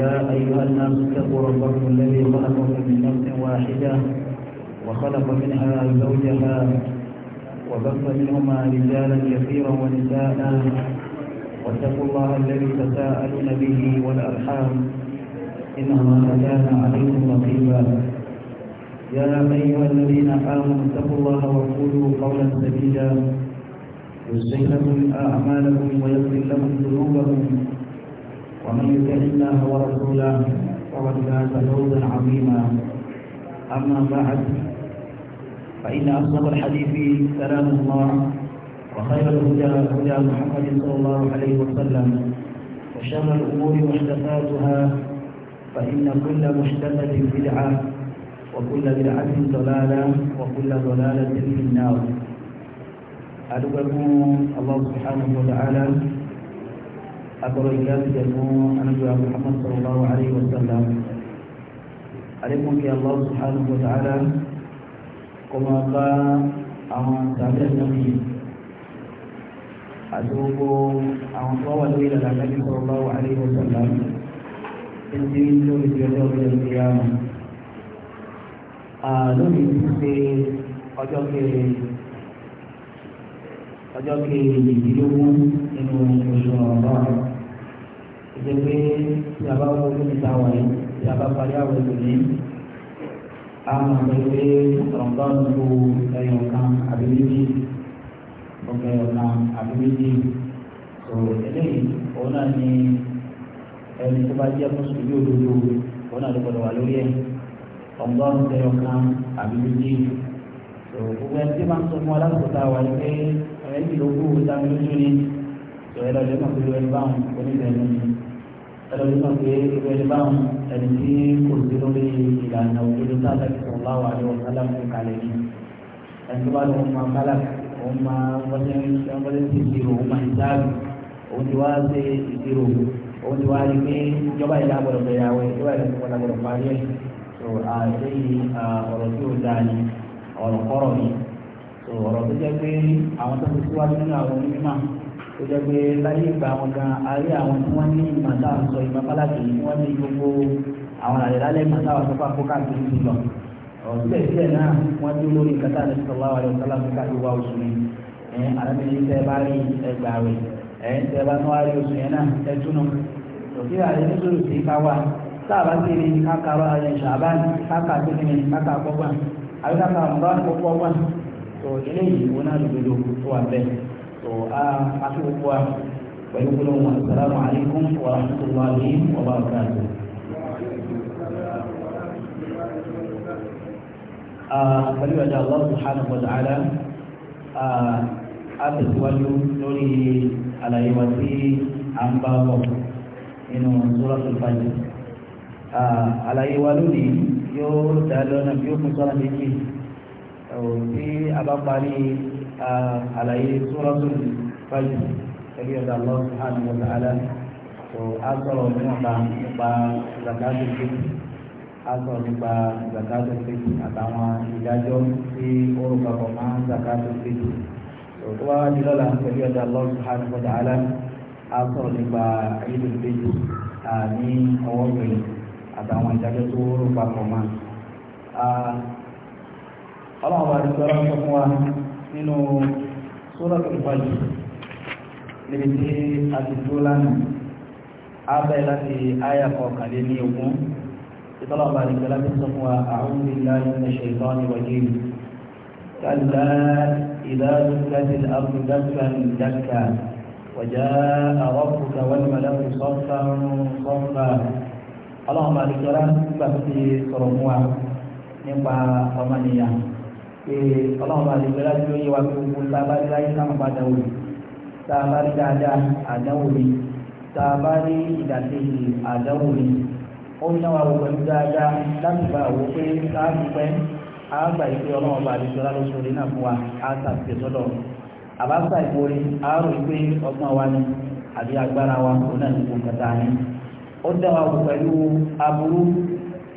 يا أيها الناس اتقوا ربكم الذي خلقكم من نفس واحدة وخلق منها زوجها وبث منهما رجالا كثيرا ونساء واتقوا الله الذي تساءلون به والأرحام إنما كان عليكم رقيبا يا أيها الذين آمنوا اتقوا الله وقولوا قولا سديدا يصلح لكم أعمالكم ويغفر لكم ذنوبكم ومن يطع الله ورسوله فقد فاز فوزا عظيما اما بعد فان اصدق الحديث كلام الله وخير الهدى هدى محمد صلى الله عليه وسلم وشر الامور محدثاتها فان كل محدثه بدعه وكل بدعه ضلاله وكل ضلاله في النار أدعوكم الله سبحانه وتعالى akọrọ ìgbà ti jẹ fún anábìyà muhammad sallallahu alayhi wa sallam alekun kí allah subhanahu wa ta'ala kó máa bá àwọn tàbí ẹ̀sán yìí àti gbogbo àwọn tó wà lórí ìlànà anábì sallallahu alayhi wa sallam ẹni tí lórí ìjọba ọjọ́ ìgbéyà wọn lórí ìdíje ọjọ́ kéré ọjọ́ kejìdínlógún nínú oṣù ọ̀bọ̀n ìdè pé tí a bá wọ orí ìta wáyé tí a bá parí àwọn ìlúni a máa bẹ pé rọ̀ǹdọ́n tó ẹyọ kan àbí méjì ọ̀gá ẹyọ kan àbí méjì tó eléyìí òun náà ni ẹni tó bá jẹ́ mùsùlùmí òdodo òun náà ló gbọdọ̀ wà lórí ẹ̀ rọ̀ǹdọ́n tó ẹyọ kan àbí méjì tó gbogbo ẹni tí máa ń sọ fún wà ní pé ẹni tí ló kú ìdánilójú ni tó ẹ lọ lè mọ̀ pé ó ẹni báwọn oníbẹ̀ẹ́ lónìí ẹlòmí kan pé ìwé ẹni báwọn ẹni tí kò sí lórí ìlànà òdodo sábà ti sọ̀rọ̀ láwà ní ọ̀sálà fún kalẹ̀ ni ẹni tó bá lọ máa bálà òun máa wọlé wọlé sí ìṣirò òun máa ń òun ti wá ṣe ìṣirò òun ti wá rí pé ìjọba ìlà gbọdọ̀ bẹ̀rẹ̀ àwẹ̀ ìjọba ìlà gbọdọ̀ parí ẹ̀ tó àlẹ́yìn ọ̀rọ̀ tí ó dáa ni ọ̀rọ̀ kọ́rọ̀ ni ọ̀rọ̀ tó jẹ́ pé àwọn tó ti síwájú nínú àwọn onímọ̀ kò jẹ́ pé láyé ìgbà wọn gan ayé àwọn tí wọ́n ní ìmọ̀ tá à ń sọ ìmọ̀ fálákì tí wọ́n ní gbogbo àwọn àlè lálẹ́ ìmọ̀ tá à ń sọ fáfó káàkiri ti lọ. ọ̀sẹ̀ sílẹ̀ náà wọ́n dúró lórí kátà ní sọ̀lá wa lọ sọ́lá fún káàkiri wa oṣù yìí ẹ̀ alábìnrin tẹ́ bá rí ẹgbàá rẹ̀ ẹ̀ tẹ́ bá tún wá rí oṣù yẹn náà ẹ túnú. òkè àlè nítorí sí ká wà sáàbà ti rí kákàrọ̀ ayẹyẹ ṣàbá kákà tó ní kákà pọ́gbà àbí kákà ọ̀gbà pọ́gbà tó eléyìí wọn náà lòdòdò tó wà akíkókó wa pẹ̀lú gbólóhùn wọn assalamu alaikum wa rahmatullahi wa barakatuh. pẹ̀lú ah, Allah subhanahu wa ta'ala a tẹ̀síwájú lórí àlàyé wa sí Fajr. àlàyé wa lónìí yóò dá lọ́nà yóò fún sọ́nà méjì tí a bá parí àlàyé suratul Fajr ẹgbẹ́ ọ̀dà Allah subhanahu wa ta'ala tó a sọ̀rọ̀ nípa nípa zakatul fitr a sọ̀rọ̀ nípa zakatul fitr àtàwọn ìdájọ́ tí orúkọ kọ̀ máa ń zakatul fitr tó wá di lọ́la ẹgbẹ́ ọ̀dà Allah subhanahu wa ta'ala a sọ̀rọ̀ nípa Eidul Fitr ní ọwọ́ gbẹ̀yìn àtàwọn ìdájọ́ tó orúkọ kọ̀ máa. ọlọ́run bá ti sọ̀rọ̀ fún wa nínú suratul Fajr níbi tí a ti tó lánàá abẹ́ láti àyà kọkànlé ní ogún ìtọ́lọ̀ ọba àdìgbẹ́ láti sọ fún wa a'udhu billahi minash shaitani rajim kalla idha dukkatil ardu dakkan dakka وجاء ربك والملك صفا صفا اللهم بارك لنا في صرمها نبقى ثمانيه ọlọ́run bá lè gbẹ́lá tí ó yé wa gbogbo tá a bá rí láyé sáwọn padà wò tá a bá rí dáadáa àdánwò rí tá a bá rí ìdàkejì àdánwò rí ó ń náwó àwọn pẹ̀lú dáadáa láti bá àwọn pé tá a dúpẹ́ a gbà yìí pé ọlọ́run bá lè gbẹ́lá ló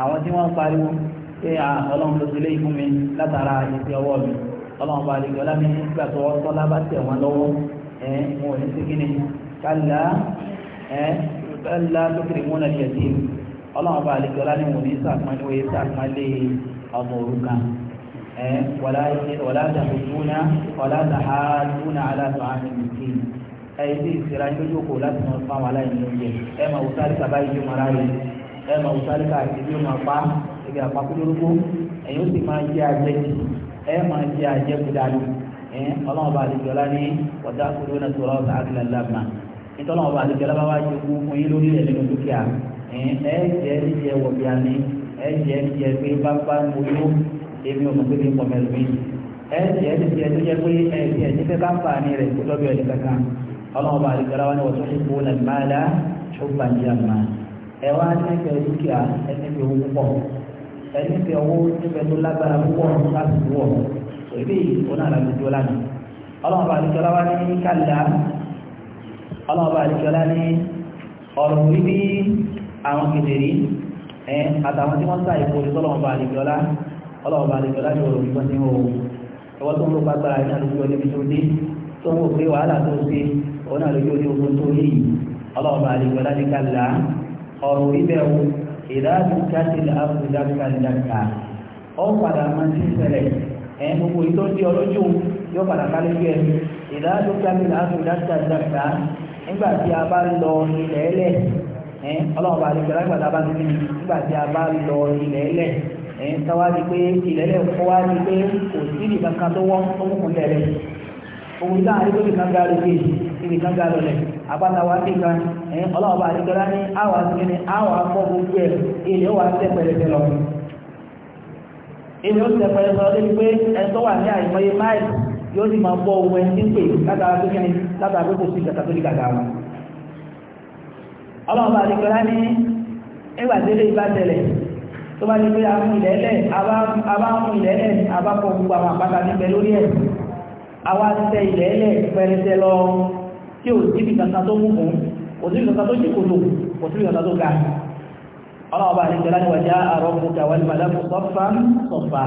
àwọn tí wọ́n pariwo pé ọlọ́run ló sílé ìfún mi látara ìfẹ́ ọwọ́ mi ọlọ́run bá lè gbọ́lá mi nígbà tó wọ́n tọ́lá bá tẹ̀ wọ́n lọ́wọ́ ẹ̀ wọn ò ní sí kíni kálá ẹ̀ kálá lókèrè múnà ní ẹ̀sìn mi ọlọ́run bá lè gbọ́lá ní wọn ní sàpọ́nlé wọ́n sàpọ́nlé ọmọ òrùka ẹ̀ wọ́lá dàbùdúnà wọ́lá dàhádúnà aláṣọ àmì mìtìn ẹ̀ ilé ìsira yóò jókòó láti mọ fáwọn aláìní ẹ máa wò sáré káàkiri yóò máa pa ebi àpapọ̀lórúkọ ẹ̀yin ó sì máa jẹ́ àjẹjì ẹ máa jẹ́ àjẹkù dání ẹ ọlọ́run bá àdìjọ lá ní ọ̀dà kúrò náà tó rọ́ọ̀sì àdìlẹ̀ lámà nítorí ọba àdìjọ lá bá wá jẹ kú fún yín lórí ẹ̀ nínú dúkìá ẹ jẹ́ ẹ̀jẹ̀ wọ̀bíà ní ẹ jẹ́ ẹ̀jẹ̀ pé bábá mo yó èmi ò mọ̀ pé kí n pọ̀ mẹ́lùmí ẹ jẹ́ ẹ̀jẹ̀ jẹ́ pé ẹ jẹ́ ẹ̀jẹ̀ fẹ́ káfààní ẹwà nífẹ̀ẹ́ dúkìá ẹnífẹ̀ẹ́ owó pọ̀ ẹnífẹ̀ẹ́ owó nífẹ̀ẹ́ tó lágbára púpọ̀ láti wọ̀ èdè ìfowópamọ́ àlàbùdó lánàá ọlọ́mọba àdìsọ́lá wá ní kàlá ọlọ́mọba àdìsọ́lá ní ọ̀rọ̀ wíbí àwọn kèdèrí ẹ àtàwọn tí wọ́n sá ìfò ìsọ́lọ́mọba àdìsọ́lá ọlọ́mọba àdìsọ́lá ní ọ̀rọ̀ wíbọ́ sí ohun ẹwọ́ tó ń lò pàgbára ní àlùkò ọdún tó dé tó ń wò pé wàhálà tó ṣe òun àlùkò ọdún tó yìí ọlọ́mọba àdìsọ́lá ní kàlá ọ̀rọ̀ ibẹ̀ wo ìdájú jáde láàbù dákàdáka ó padà máa ti ṣẹlẹ̀ ẹ̀yìn gbogbo ìtọ́ di ọlọ́jọ́ yóò padà kálí bí ẹ ìdájú jáde láàbù dákàdáka nígbà tí a bá lọ ilẹ̀ ẹlẹ̀ ẹ̀yìn ọlọ́run bá lè gbẹ̀rẹ́ gbàdá bá ti kíni nígbà tí a bá abátawa kíkan ẹ̀yìn ọlọ́ọ̀bá àdìgbọ́lá ní àwọn àtìkíní àwọn afọ́ gbogbo ẹ̀ ilé wà tẹ́ pẹ̀lẹ́pẹ̀ lọ ilé ó tẹ́ lọ débi pé ẹ̀tọ́ wà ní àìmọye máìlì yóò sì máa bọ́ ohun ẹni pè látara tó kíni látara pé kò sí tó ní gàgà wọn ọlọ́ọ̀bá àdìgbọ́lá ní délé tẹ̀lẹ̀ tó bá pé a mú ilẹ̀ tí ò sí ìgbàta tó mú fún kò sí ìgbàta tó jìkòtò kò sí ìgbàta tó ga ọlọ́ọ̀bá àríkẹ́lá ni wàjá àrọ́kù tàwọn ìmàlákù sọ́fà sọ́fà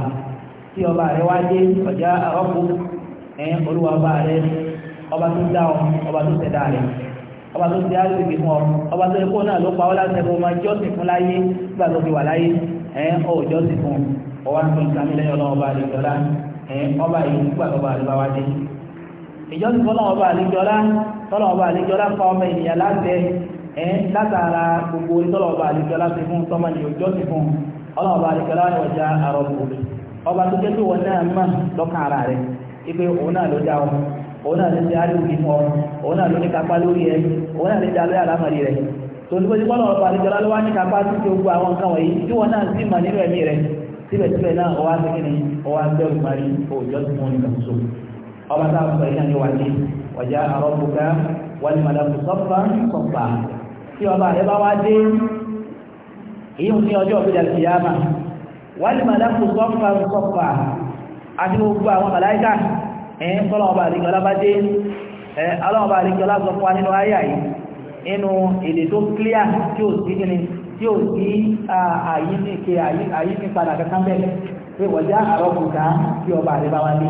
tí ọba rẹ̀ wá dé wàjá àrọ́kù ẹ̀yìn olúwàbá rẹ̀ ọba tó dá ọ ọba tó tẹ̀dá rẹ̀ ọba tó ti àgbègbè fún ọ ọba tó ẹkọ́ náà ló pa ọ́ láti ẹ̀kọ́ máa jọ́sìn fún láyé nígbà tó fi wà láyé ẹ̀yìn ọ̀ jọ́sìn fún ọwá ń tọ́lọ̀ ọba àlejọ́lá fa ọmọ ènìyàn láti ẹ̀ látara gbogbo tọ́lọ̀ ọba àlejọ́lá fi fún tọ́mọ ní òjò ti fún ọlọ́ ọba àlejọ́lá ọjà àrọ̀bù ọba tó jẹ́ pé wọn náà mọ̀ lọ́kàn ara rẹ̀ ipe òun náà ló dá wọn òun náà ló ti àríwí fún ọ òun náà ló ní kápá lórí ẹ òun náà ló dá lórí àlámọ̀rí rẹ̀ tòlúgbòsí bọ́lá ọba àlejọ́lá ló wá ní kápá tó ti gbogbo àwọn nǹkan wọ̀nyí tí wọn náà sì mọ̀ nínú ẹ̀mí rẹ̀ síbẹ̀síbẹ̀ náà ọwá sí kí ni ọwá bẹ́ẹ̀ wàjá àrọ́bùká wọ́n mọ̀lá sọ́fà sọ́fà tí ọba rẹ̀ bá wá dé èyí ní ọjọ́ òbíjà kìyàmà wọ́n mọ̀lá sọ́fà sọ́fà àti gbogbo àwọn màláíkà ẹ̀yìn tọ́lọ̀ ọba àríkọlá bá dé ọlọ́run ọba àríkọlá sọ nínú ayé àyè nínú èdè tó clear tí ó sí kíni tí ó sí àyíkè àyíkè padà kankan bẹ́ẹ̀ pé wọ́n já àrọ́bùká tí ọba rẹ̀ bá wá dé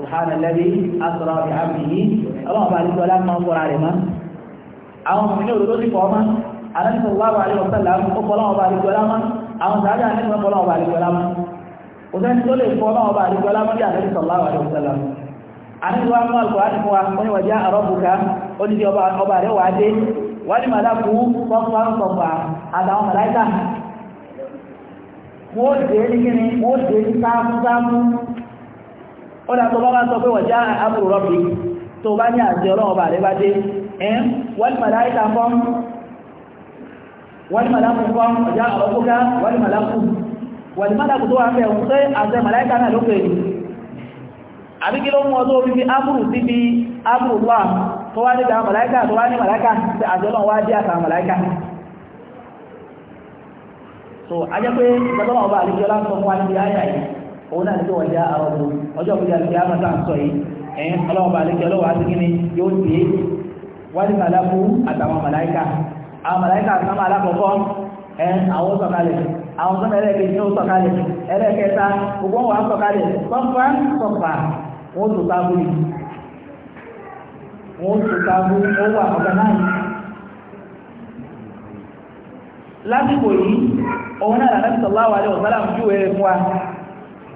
subhana lẹ́bí asọ̀rọ̀ ọ̀bí àmì yìí ọlọ́ọ̀bá àdìsọ́ láti máa ń fọ́ra rẹ̀ mọ́ àwọn ọmọ ní òdòdó sì fọ́ ọmọ aláìsọ̀ wà wà lẹ́wọ̀ sẹ́lá ó fọ́ ọlọ́ọ̀bá àdìsọ́ lámọ́ àwọn sàájà àdìsọ́ fọ́ ọlọ́ọ̀bá àdìsọ́ lámọ́ kò sẹ́ni tó lè fọ́ ọlọ́ọ̀bá àdìsọ́ lámọ́ bí àdìsọ̀ láwà lẹ́wọ̀ sẹ́lá àdìsọ́ wa mú àlùkò àti fún wa ó ní wàjá àrọ́bùkà ó ní ọba rẹ̀ wà dé wà ní màdàkù sọ́fà sọ́fà àtàwọn màláìkà wọ́n dé ní kíni wọ́n dé ní sáfúsáfú ó dà tó bá wá sọ pé wọ̀já amru rabbi tó bá ní àti ọlọ́run ọba rẹ̀ bá dé ẹ́ wal malaika fọ́n wal malaku fọ́n wọ̀já rabbuka wal malaku wal malaku tó wà ń bẹ̀ ń pé àti màláìka náà ló pè ní àbí kí ló mú so ajẹ́ pé ìgbàtọ́lọ́wọ́ bá àlejò òun náà tó wọ̀já àwọn ọjọ́ òkúta ti á máa sọ yìí ẹ̀yìn ọlọ́wọ́ bá ọlọ́wọ́ àti yóò dé wájú màláìkú àtàwọn màláìkà àwọn màláìkà sáwọn alákọ̀ọ́kọ́ ẹ̀yìn àwọn sọ̀kalẹ̀ àwọn sọ́nà ya ní sọ̀kalẹ̀ ẹlẹ́ẹ̀kẹta gbogbo wọn sọ̀kalẹ̀ sọ́fà sọ̀fà wọn tó tábù wọn tó tábù náà lásìkò yìí òun náà ọ̀sálàmù júwèé fún wa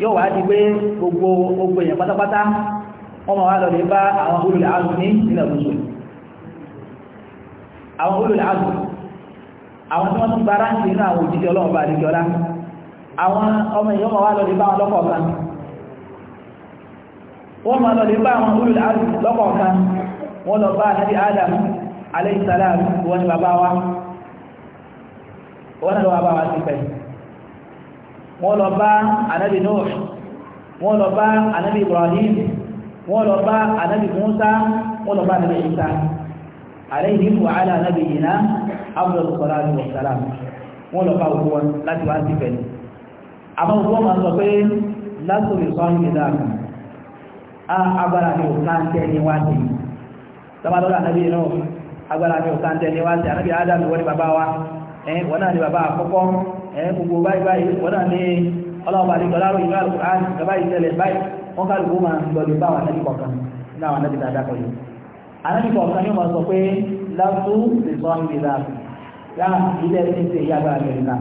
yóò wá di pé gbogbo gbogbo èèyàn pátápátá wọ́n wá lọ lè bá àwọn olùlẹ̀ ní ìlẹ̀ òṣù àwọn olùlẹ̀ àwọn tí wọ́n àwọn òjíṣẹ́ àwọn ọmọ èèyàn wá lọ lè bá lọ́kọ̀ọ̀kan wọ́n lọ lè bá àwọn olùlẹ̀ wọ́n lọ bá anábì Nuh wọ́n lọ bá anábì Ibrahim wọ́n lọ bá anábì Musa wọ́n lọ bá anábì Isa alayhi wa ala nabiyyina afdalu salatu wa salam wọ́n lọ bá òkú wọn láti wá sí pẹ̀lú àmọ́ òkú wọn máa sọ pé lásòrò ìsọ́nù ìdáàmú agbára mi ò ẹ̀ gbogbo báyìí báyìí wọ́n náà ní ọlọ́ọ̀bà ní gbọ́dá ròyìn náà lùkùn án gaba ìṣẹ̀lẹ̀ báyìí wọ́n ká lùkùn máa lọ́dún bá wọn nẹ́bí kọ̀ọ̀kan ní àwọn nẹ́bí dáadáa kọ̀ yìí anábì kọ̀ọ̀kan yóò máa sọ pé látú lè sọ ní ìlà yá ilé ẹni ṣe ìyá agbára rẹ̀ nà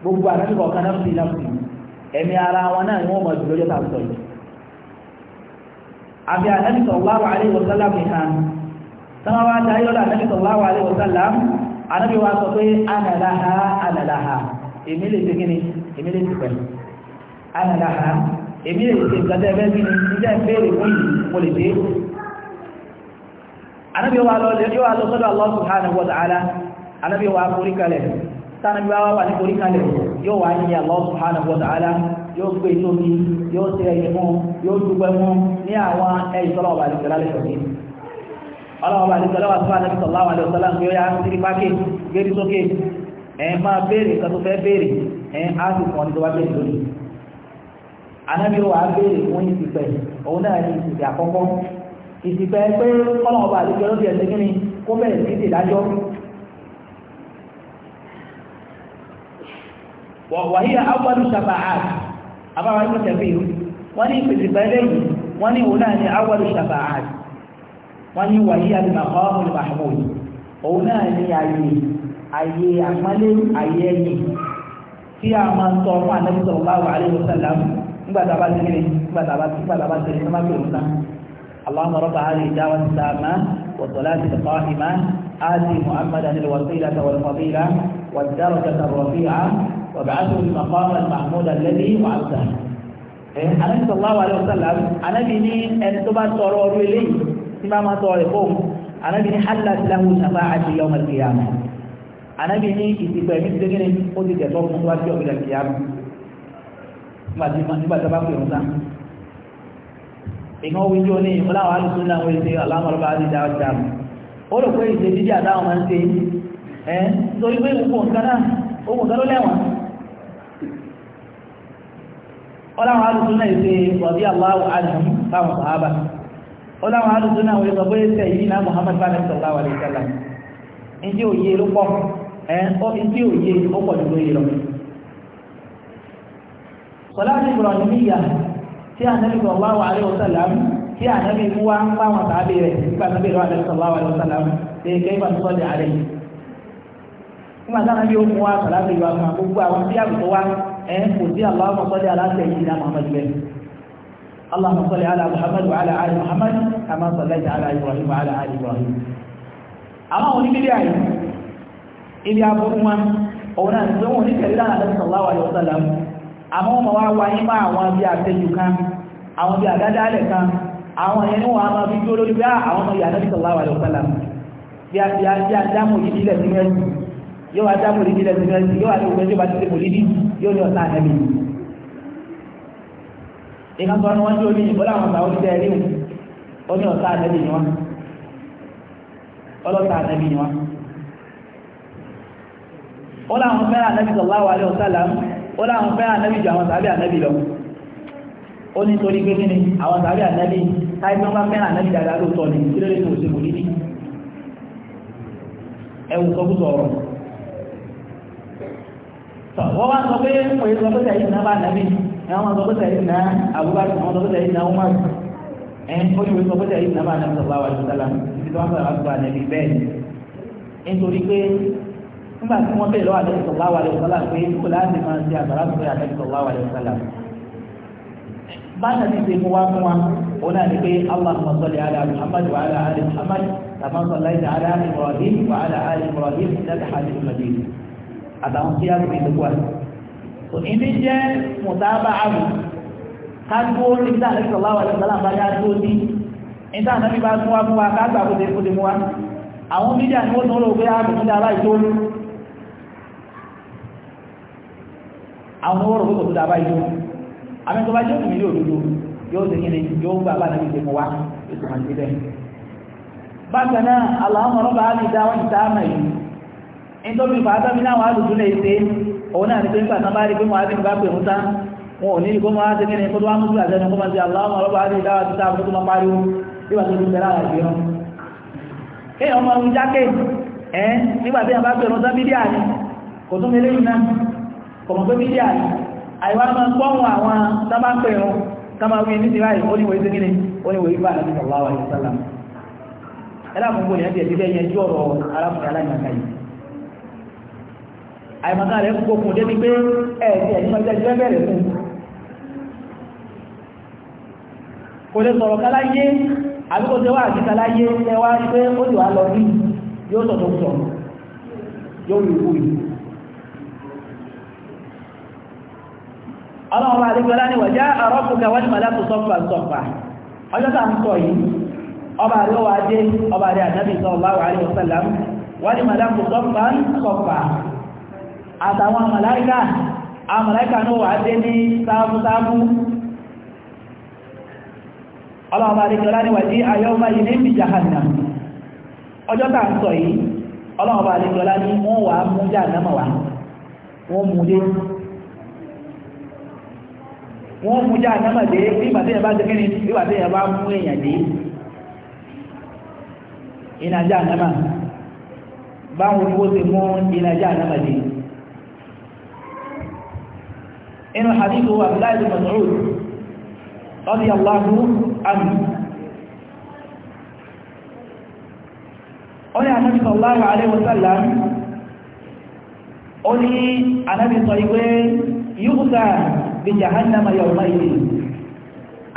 gbogbo wasallam nìkan tí wọ́n wá dá wasallam anábì wa sọ pé ana anàláha èmi lè ṣe kíni èmi lè ṣe pẹ̀lú anàláha èmi lè ṣe ìgbàdá ẹgbẹ́ kíni níjà ìbéèrè fún yìí mo lè dé wa lọ lè yóò Allah subhanahu wa ta'ala anábì wa forí kalẹ̀ tánàbí wa wà ní forí kalẹ̀ yóò wá ní Allah subhanahu wa ta'ala yóò gbé tóbi e yóò ṣe ẹ̀yìn fún yóò fún ní àwọn ọlọ́wọ́ bá nípa lọ́wọ́ síwá lẹ́bí sọ̀láwà lẹ́wọ́ sọ́lá ń gbé sírí pákè gbérí sókè ẹ̀ máa béèrè nǹkan tó fẹ́ béèrè ẹ̀ á sì fún ọ ní tó bá béèrè lónìí anábì wà á béèrè fún ìsìpẹ̀ òun náà ní ìsìpẹ̀ àkọ́kọ́ ìsìpẹ̀ pé ọlọ́wọ́ bá nípa lọ́wọ́ ẹ̀sẹ̀ kí kó bẹ̀rẹ̀ sí ti dájọ́ wàhíyà awọ́lù sàbàá àbáwá ní ní ìpèsè wọ́n ní wàyí àdìmọ̀kọ́ olùbàṣọ́mọ́ òní òun náà ní ayé ayé àpọ́nlé ayé ẹ̀yìn tí a máa ń tọ́ fún ànábì sallallahu alaihi wasallam nígbà tá a bá tẹ̀lé nígbà tá a bá tẹ̀lé nígbà tá a bá tẹ̀lé nígbà tá a bá tẹ̀lé اللهم رب هذه الدعوة التامة والصلاة القائمة آت محمدا الوسيلة والفضيلة والدرجة الرفيعة وابعثه المقام المحمود الذي وعدته. النبي صلى الله عليه وسلم أنا بني أن تبى ترى tí máa máa sọ̀rọ̀ fóun anábì ní aláàtìláwò sábà àti yọmọ ìkìyàmù anábì ní ìsìnkọ̀ ẹ̀mí ti dégé ní ó ti tẹ̀tọ́ fún wá sí ọ̀gbìn ìkìyàmù nígbà tí a bá pè wọn sáà ìkan wíjọ ní ìmúláwà alùsùn náà wọ́n ṣe aláàmọ̀lọ́bà àti dáadáa ó rò pé ìṣe jíjí àdáwọn máa ń ṣe ẹ́ nítorí pé gbogbo nǹkan náà ogun kan ló lẹ́wọ̀n ọláwọ̀ alùsùn náà ṣe rọ̀bí aláwọ̀ alùsùn fáwọn sàábà ó láwọn àdùsù náà wọ́n sọ pé tẹ̀ yìí náà Muhammad bá lẹ́sọ̀ láwà lè sẹ́lá ìdí òye ló pọ̀ ẹ̀ ọ́ ìdí òye ó pọ̀ jù lóye lọ. sọláàtì ìbùrọ̀lì níyà tí ànábì sọ láwà alẹ́ òsàlá tí ànábì mú wá ń bá wọn tàbí rẹ̀ nígbà tó bèèrè alẹ́ sọ láwà alẹ́ òsàlá ṣe kẹ́ ìbá tó sọ́jà alẹ́ nígbà táwọn ẹbí ó mú wá sọláàtì ìbá gbogbo àwọn tí àbùkù wa ẹ̀ kò sí àlọ́ àwọn aláṣẹ yìí náà اللهم صل على محمد وعلى ال محمد كما صليت على ابراهيم وعلى ال ابراهيم àwọn oníbílẹ̀ àyè ibi abúrúmá òun náà tí wọ́n ní tẹ̀lé lára lẹ́sìn sallallahu alaihi wasallam àmọ́ wọn wá wá ní máa àwọn bí àtẹ́jù kan àwọn bí àdádálẹ̀ kan àwọn ẹni wọn a máa fi dúró lórí bí ah, àwọn ọmọ ìyá lẹ́sìn sallallahu alaihi wasallam bí a bí a bí a dámò yìí nílẹ̀ sí mẹ́sì yóò wá dámò yìí nílẹ̀ sí mẹ́sì yóò wá ní ògbẹ́jọba ti ṣe mòlídì yóò ní ọ̀sán ànẹ́bì ìkan sọ ni wọ́n jó ní ìbọ́lá àwọn ọ̀tà ní ọ̀tá àtẹ́bì ni ọlọ́tà àtẹ́bì ni ó láwọn fẹ́ràn àtẹ́bì ó láwọn fẹ́ràn àtẹ́bì ju àwọn sàbí àtẹ́bì lọ ó ní torí pé kí ni àwọn sàbí àtẹ́bì tó ń bá fẹ́ràn àtẹ́bì dáadáa lóòótọ́ ni kí ẹwù wá sọ pé àwọn ọ̀dọ́gbọ́sẹ̀ yìí náà Abubakar àwọn ọ̀dọ́gbọ́sẹ̀ yìí náà Umar ẹ̀ ń kọ́jú wípé ọ̀dọ́gbọ́sẹ̀ yìí náà bá nàbí sọ̀rọ̀ àwọn àdúgbòsálà ibi tí wọ́n fẹ́ wàá gba nàbí bẹ́ẹ̀ ni nítorí pé nígbà tí wọ́n bẹ̀rẹ̀ lọ́wọ́ àdúgbò sọ̀rọ̀ àwọn àdúgbòsálà pé kó láti máa ṣe àgbàrá sọ̀rọ̀ àdúgbò sọ̀rọ̀ àwọn àdúgbòsálà báyà ti ṣe mú wá fún wa òun náà ni pé allahumma salli ala muhammad wa ala ali muhammad kama sallaita ala ibrahim wa ala ali ibrahim innaka hamidun majid àtàwọn tí a ti fi àti ìdí jẹ́ mùtábà àrù kágbó nígbà àti sọ̀láwà ìsọ̀lá bá dá tó ní nígbà àti bá fún wa fún wa kágbà kó dé kó dé mú wa àwọn mídíà ni ó tún lò pé ààbò fún dára ìtó àwọn owó rò pé kò tó dára ìtó àmì tó bá jẹ́ òkú mi ní òdodo yóò ṣe kíni yóò gbà bá nàbí ìdèmọ̀ wa ètò àti bẹ́ẹ̀ bákan náà àlàáhùn ọlọ́bàá lè dá wọn ìta nítorí fàájọ́ mi náà wà lùtún lè ṣe òun náà ní pé nígbà tán bá rí pé mo á ti bá pè ń tán wọn ò ní ìkó máa ṣe kíni kó tó wá mú sí àjẹnu kó máa ṣe aláwọ̀ ọlọ́pàá àti ìdáwà ti sáà tó máa pariwo bí wàá tó ti bẹ̀rẹ̀ àwọn ìgbìyàn kéèyàn ọmọ ọmọ jákè ẹ nígbà tí wọn bá pè ń tán bídíà ni kò tún mélé yìí náà kò mọ̀ ni àìwá máa ń pọ́nwọ́ àìmọ̀ká rẹ̀ gbogbo dé ní pé ẹ̀ẹ̀dì ẹ̀yìnmọ̀jẹ́ jẹ́ bẹ̀rẹ̀ fún kò lè sọ̀rọ̀ káláyé àbíkò tí wà àti káláyé ẹwà pé ó ti wà lọ ní yóò sọ̀tọ̀ sọ̀rọ̀ yóò rí ikú yìí ọlọ́run bá àdíkọ́ lá ní wọ̀já àrọ́kùnkà wọ́n ni màdápù sọ́fà sọ́fà ọjọ́ tàà ń sọ yìí ọba àríwá adé ọba àrí àdábì sọ́ọ̀lá wà ní ọ̀sẹ̀lá wọ́n ni màdápù sọ́fà sọ́fà àtàwọn àmàláìkà àmàláìkà náà wà dé ní sáàbùsáàbù ọlọ́ọ̀bá àdíkẹ́lá ní wàjí ayọ́mà ní ìjàhànà ọjọ́ tàà sọ yìí ọlọ́ọ̀bá àdíkẹ́lá ní wọ́n wà mú jàǹdàmà wà wọ́n mú dé wọ́n dé tí inú hadithu abdullahi bin mas'ud radiyallahu anhu ó ní ànábì sallallahu alaihi wasallam ó ní ànábì sọ ìwé yúkúta bí jahannama yawma ìdí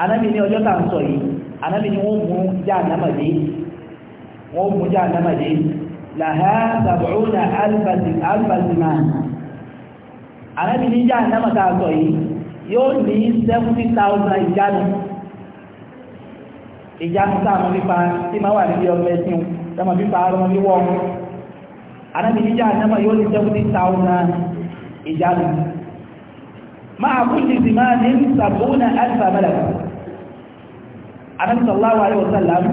ànábì ní ọjọ́ anabini sọ yìí ànábì ní wọ́n mú jahannama dé wọ́n àrẹ́bí ní jáà náà mọ̀ta àgbọ̀ yìí yóò ní seventy thousand ìjánu ìjánu sáàmù pípa tí máa wà níbi ọmọ ẹ̀sìn ọmọ pípa ọmọ wíwọ́ ọmọ àrẹ́bí ní jáà náà yóò ní seventy thousand ìjánu máa kú ní ìsìn ní sàbúnà alfa mẹ́lẹ̀kù àrẹ́bí sallallahu alaihi wasallam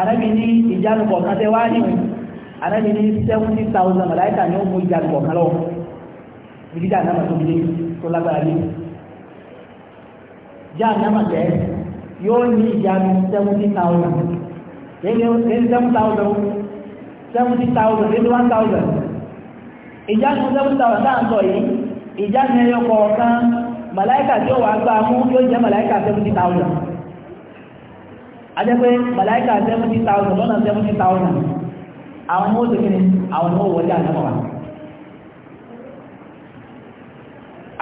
àrẹ́bí ní ìjánu kọ̀ọ̀kan tẹ́wàá àrẹ́bí ní seventy thousand mẹ́lẹ̀kù ìjánu kọ̀ọ̀kan lọ́wọ́ bìdídà náà tó gbé tó lágbára lé já náà tẹ yóò ní ìjánu seventy thousand lẹ́yìn seven thousand seventy thousand lẹ́yìn one thousand ìjánu seven thousand náà sọ yìí ìjánu ẹyọ kọ̀ọ̀kan màláìkà tí ó wà gbà mú yóò jẹ́ màláìkà seventy thousand adẹ́gbẹ́ màláìkà seventy thousand lọ́nà seventy thousand àwọn ọmọ òṣèlú àwọn ọmọ òwòlé àdámọ̀wá.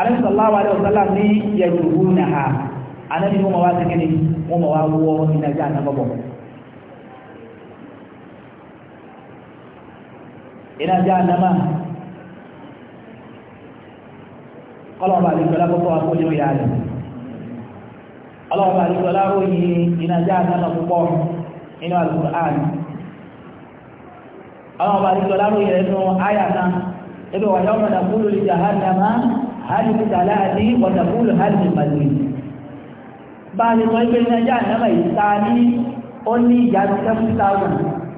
alẹ́sọ̀láwà alẹ́sọ̀lá ní yẹ̀dùrú na ha anábi wọ́n ma wá sí ina wọ́n ma wá wọ́ iná jẹ́ ànábọ̀bọ̀ iná jẹ́ ànábà ọlọ́ọ̀bà alẹ́sọ̀lá púpọ̀ akójú ya rẹ̀ ọlọ́ọ̀bà ina ròyìn iná jẹ́ ànábà púpọ̀ inú Al-Qur'an ọlọ́ọ̀bà alẹ́sọ̀lá ròyìn rẹ̀ nù áyà náà ebe wà yọ́mọ̀ nà kúrò jahannama hali tààlà àti wọ̀tàkùlù hali màlúù bá a lè sọ pé iná yá àdámà ìta ní ó ní ìjà seventy thousand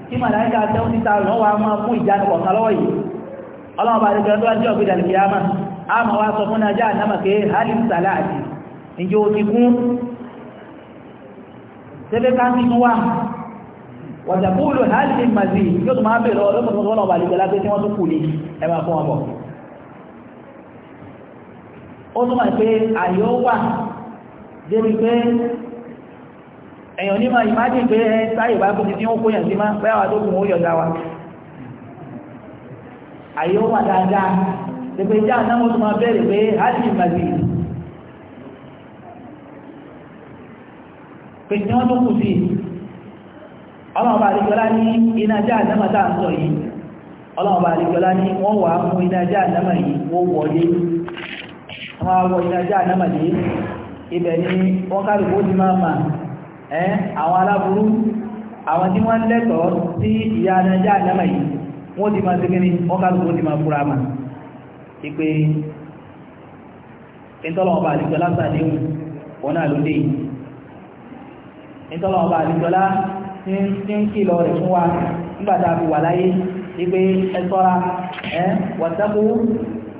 tí màláìka seventy thousand wà máa fún ìjà kọ̀ọ̀kan lọ́wọ́ yìí ọlọ́wọ́ bá a lè sọ pé ọjọ́ ìgbéjà lè fi yá mà á máa wá sọ fún ajá àdámà pé hali tààlà àti ìjọ ti kún tẹ́lẹ̀ ká sí tún wà wọ̀tàkùlù hali màlúù yóò tún máa bèèrè ọlọ́pàá ó túnmà pé àyọ́ wà débi pé èyàn onímọ̀ ìmájì pé sáyè bá kún tí ó kó yàn sí má pẹ́wàá tó ó yọ̀dá wa àyọ́ wà dáadáa débi já náà ó túnmà bẹ̀rẹ̀ pé hálì ìmàjì pé tí wọ́n tó kù sí ọlọ́ọ̀bà àríkọlá ní iná já náà tá ń sọ yìí ọlọ́ọ̀bà àríkọlá ní wọ́n wọ́n á wọ iná já ibẹ̀ ni wọ́n kálukú ti máa mà ẹ́ àwọn aláburú àwọn tí wọ́n lẹ́tọ̀ọ́ sí ìyá iná já ànámàdé wọ́n ti máa segin ní wọ́n kálukú ti máa fura mà ìpè ìtọ́lọ́wọ́ bá àdìjọ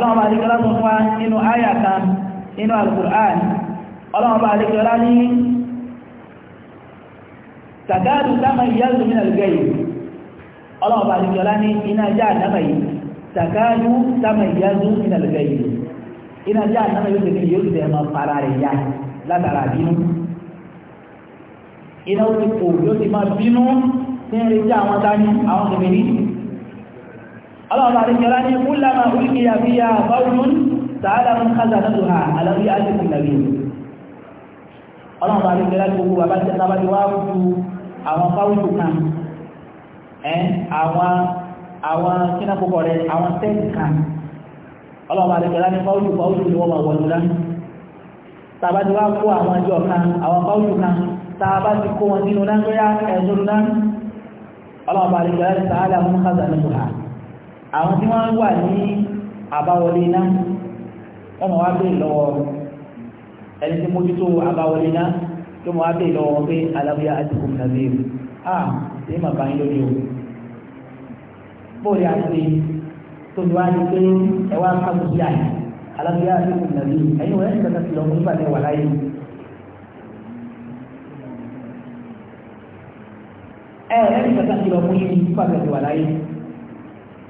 ọlọ́ọ̀bá àdíkọ́lá tó fún wa nínú àyàká nínú al-Qur'an ọlọ́ọ̀bá àdíkọ́lá ní tàgádù dámà ìyáàzù mí nàlùgẹ́yì ọlọ́ọ̀bá àdíkọ́lá ní iná já àdámà yìí tàgádù dámà ìyáàzù mí nàlùgẹ́yì iná já àdámà yóò tẹ̀lé yóò tẹ̀ mọ́ para rẹ̀ yá látara bínú iná ó ti kò yóò ti máa bínú ní ẹ̀rẹ́ jẹ́ àwọn dání àwọn kẹ̀mẹ́rì الله عليه وسلم كلما ألقي فيها فوج سأل من خزنتها ألم يأتكم نبي الله عليه وسلم gbogbo bàbá ti sábà ti wá ju àwọn fáwùtù kan àwọn àwọn kínàkókò rẹ àwọn tẹ́ẹ̀tì kan ọlọ́ọ̀bà àdìgbẹ́lá ní fáwùtù fáwùtù ni wọ́n máa wọ̀lú lánàá tàbá ti wá kó àwọn ẹjọ́ kan àwọn fáwùtù kan tàbá ti kó wọn sínú náà gbéyà ẹ̀ẹ́dúró náà ọlọ́ọ̀bà àdìgbẹ́lá ti sàálà mú kásánù tó hàn àwọn tí wọ́n wà ní àbáwọlé iná wọ́n mọ̀ wá bèè lọ́wọ́ ẹni tí mójútó àbáwọlé iná tó mọ̀ wá bèè lọ́wọ́ pé alábíyá àti kòmìnàbí à ṣé mà bá yín lórí o bóòlì àti tó ti wá ní pé ẹ wá kábù sí àyè alábíyá àti kòmìnàbí ẹ̀yin wọ́n ẹ̀sìn kankan sí lọ́wọ́ nígbà tí wà láyé. ẹ ẹ̀sìn kankan sí lọ́wọ́ nígbà tí wà láyé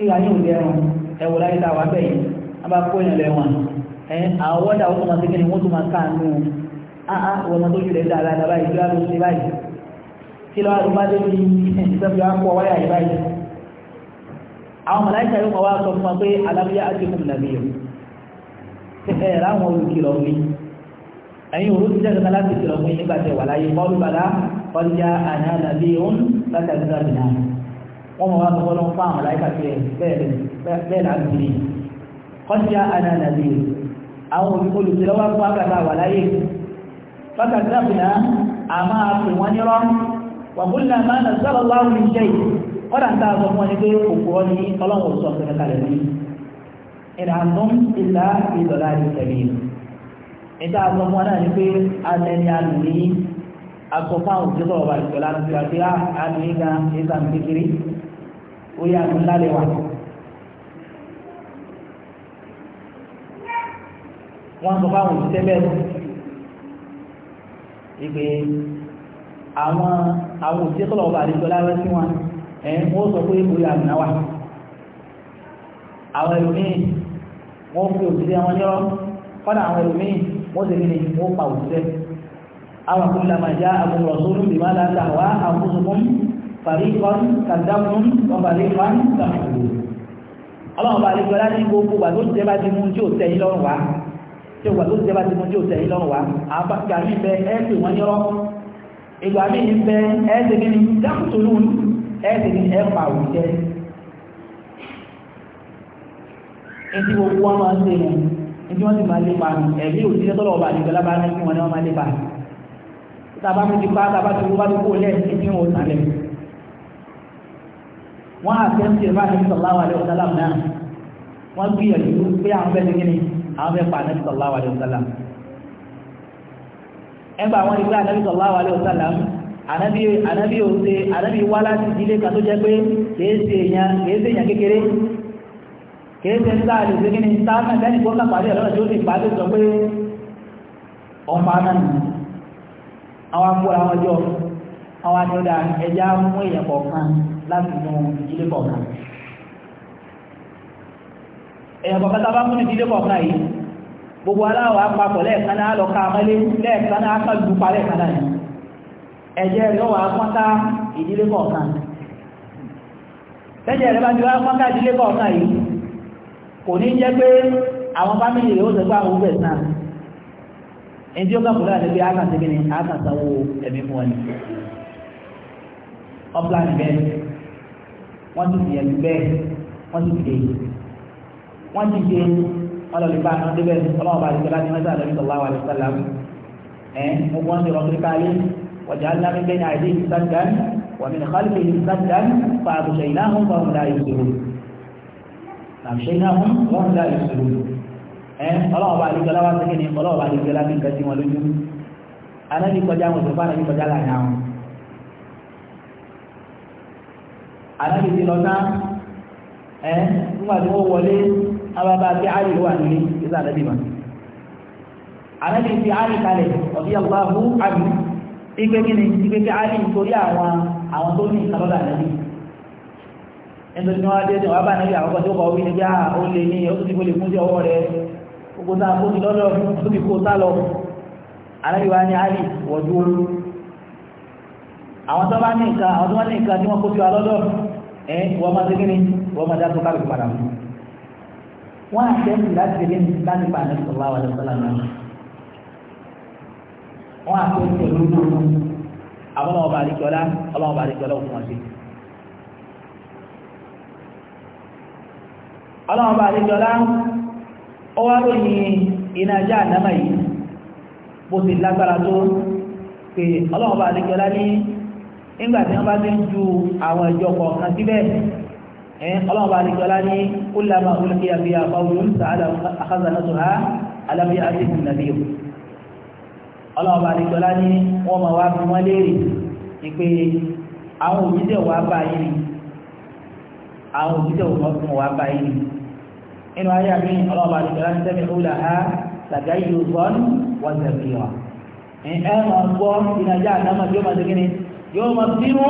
kí ayé òde ẹran ẹwọ láyé tá a wá bẹ́ẹ̀ yìí a bá kó èèyàn lẹ́wọ̀n ẹ àwọn wọ́dà ó tún máa tẹ́kẹ́ ni wọ́n tún máa káàánú áá wọ́n máa tó jùlẹ̀ dáadáa dábàá yìí kí wọ́n á lọ sí báyìí kí lọ́wọ́ àdúgbò dé bí ìsẹ́fì wá pọ̀ wáyà yìí báyìí. àwọn màláìka yóò máa wá sọ fún wa pé alábíyá á ti kún nàbí yìí ṣe ẹ ráwọn olùkìlọ̀ mi ẹ̀yin òru ti dẹ́gbẹ̀ta láti kìlọ̀ mi nígbà tẹ̀ wà láyé kọ́lù bàlá kọ́lù já àná nàbí òun látàgbà bìnà wọ́n mọ̀ wá sọ́kọ́ lọ́wọ́ fáwọn aláìka pé bẹ́ẹ̀ là ń bìrì kọjá àná nàbí àwọn olùsèlọ́wọ́ fún akàtà wà láyé fákàtà bìnà àmà àpè wọn nírọ́ wàkúlà máa nà sọ́lọ́ láwùn iṣẹ́ yìí kọ́dà ń tàà sọ fún ọ ní pé òkúrọ́ ní ọlọ́run sọ fún ẹ̀kalẹ̀ ní ìrànlọ́m ìlà ìdọ̀lá ìtẹ̀lẹ̀ ìta fún ọ pé alẹ́ni alùmí asọ fáwọn òṣèlú ọba ìtọ́lá ti ra pé alùmí ah, gan ìta kékeré orí àtúndá lè wà. wọ́n sọ fáwọn òṣìṣẹ́ bẹ́ẹ̀ ìpè àwọn àwọn òṣìṣẹ́ tọ́lọ̀ ọba àdìsọ lára sí wọn ẹ̀ wọ́n sọ pé orí àtúndá wà. àwọn ẹlòmíì wọ́n fi òṣìṣẹ́ wọn yọ́rọ́ kọ́dà àwọn ẹlòmíì wọ́n sì ní wọ́n pa òṣìṣẹ́ àwọn akúndàmájá àbúrò sólùmí má láta wá àbúrò sókún fàríkan kàdámùn ọ̀fàríkan tàkùrù ọlọ́run bá lè gbọ́lá ní gbogbo wà tó jẹ́ bá ti mú tí ò tẹ̀yìn lọ́rùn wá tí ó wà tó jẹ́ bá ti mú tí ò tẹ̀yìn lọ́rùn wá àbájá mi bẹ ẹ́ pè wọ́n yọ́rọ́ ìgbà mi ní bẹ ẹ́ ti ní dákùtòlù ẹ́ ti ní ẹ́ pa òjẹ́ ẹtí gbogbo wọn máa ń ṣe yẹn ẹtí wọn sì máa lépa ẹ̀mí òjijì tọ́lọ̀ ọba àti ìgbàlábá ní wọn ni wọn máa lépa tàbá mi ti pa tàbá ti wọ́n bá ti kó lẹ́ẹ̀ ẹtí wọn ò sàlẹ̀ wọ́n àtẹ́ǹtì bá ní sọ̀láwà lè ọ̀sálàm náà wọ́n gbìyànjú pé àwọn bẹ́ẹ̀ nígbìn àwọn bẹ́ẹ̀ pa ànábì sọ̀láwà lè ọ̀sálàm ẹgbà àwọn ìgbà ànábì sọ̀láwà lè ọ̀sálàm ànábì òṣè ànábì wá láti ìdílé kan tó jẹ́ pé kèése èèyàn kékeré kèése ń sáà lè ṣe kíni sáàmà bẹ́ẹ̀ nìkan kà pàdé ọ̀lọ́rọ̀ tí ó sì láti mú ìdílé kọ̀ọ̀kan èèyàn kọ̀ọ̀kan tá mú ìdílé kọ̀ọ̀kan yìí gbogbo aláwọ̀ apapọ̀ lẹ́ẹ̀kan náà amẹ́lé lẹ́ẹ̀kan náà ká yìí ẹ̀jẹ̀ rẹ̀ wà ìdílé kọ̀ọ̀kan rẹ̀ bá ti wá ìdílé kọ̀ọ̀kan yìí kò ní jẹ́ pé àwọn fámìlì rẹ̀ ó àwọn náà ẹni wọ́n ti fi ẹ̀mí bẹ́ẹ̀ wọ́n ti dé wọ́n ti dé wọ́n lọ lè bá àwọn débẹ̀ ọlọ́wọ́ bá lè tẹ́lá ní mẹ́ta lẹ́yìn sallallahu alaihi wasallam ẹ̀ mo gbọ́n ti rọ̀ kíríkà lé wọ́jà bẹ́ẹ̀ ní àìdí ìsàdán wàmí ní kálífì ìsàdán fàbùṣẹ̀ ìnáhùn fọ́ọ̀mù láyé ìṣòro àbùṣẹ̀ ìnáhùn fọ́ọ̀mù láyé ìṣòro ẹ̀ ọlọ́wọ́ bá lè àdáyé ti lọ tán ẹ nígbà tí wọ́n wọlé ababa tí àlè wà nílé ìsà àdáyé mà àdáyé ti àlè kalẹ̀ ọ̀bí àgbáhù àbí ìgbé kíni ìgbé tí àlè nítorí àwọn àwọn tó ní ìkàlọ́dà àdáyé ẹni tó ní wọ́n adé tí wọ́n bá níbi àwọn kan tó kọ̀ wí ni bí ah, ó lè ní ó ti kó lè sí ọwọ́ rẹ̀ gbogbo tá a kó ní lọ́dọ̀ ó ti kó sá lọ àdáyé wa ní àlè wọ́dúró àwọn tó bá ní nǹkan àwọn tó bá ní nǹkan tí wọ́n kó sí wa lọ́dọ̀ Eh, wọ́n máa tẹ́kẹ́ ní wọ́n máa dáko káàkiri padà mú. wọ́n á tẹ́ ní láti tẹ́kẹ́ ní láti pa àná sọ̀rọ̀ àwọn ọ̀dọ́sọ́lá náà. wọ́n á tẹ́ tẹ́ lójú àwọn ọmọ àdìjọ́lá ọlọ́mọ àdìjọ́lá òfin wọn sí. ọlọ́mọ àdìjọ́lá ó wá lóyìn iná ajá àdámà yìí bó ti lágbára tó pé ọlọ́mọ àdìjọ́lá ní nígbà tí wọ́n bá ti ń ju àwọn ìjọ kọ̀ọ̀kan síbẹ̀ ẹ̀ ọlọ́run bá lè jọlá ní kúlàmà olùkí àbí àbáwòrán sàádà àkàzànàtò ha alábí àdéhùn nàbíyò ọlọ́run bá lè jọlá ní wọ́n máa wá fi wọ́n léèrè ìpè àwọn òjíṣẹ́ wà bá yìí ni àwọn òjíṣẹ́ wà bá yìí ni inú ayé àmì ọlọ́run bá lè jọlá ní sẹ́mi ọ̀là ha làgáyé ọgbọ́n wọ́n zẹ̀mí ọ̀ ẹ̀ ẹ̀ máa gbọ́ ìnajà àdámọ́ yóò máa bírú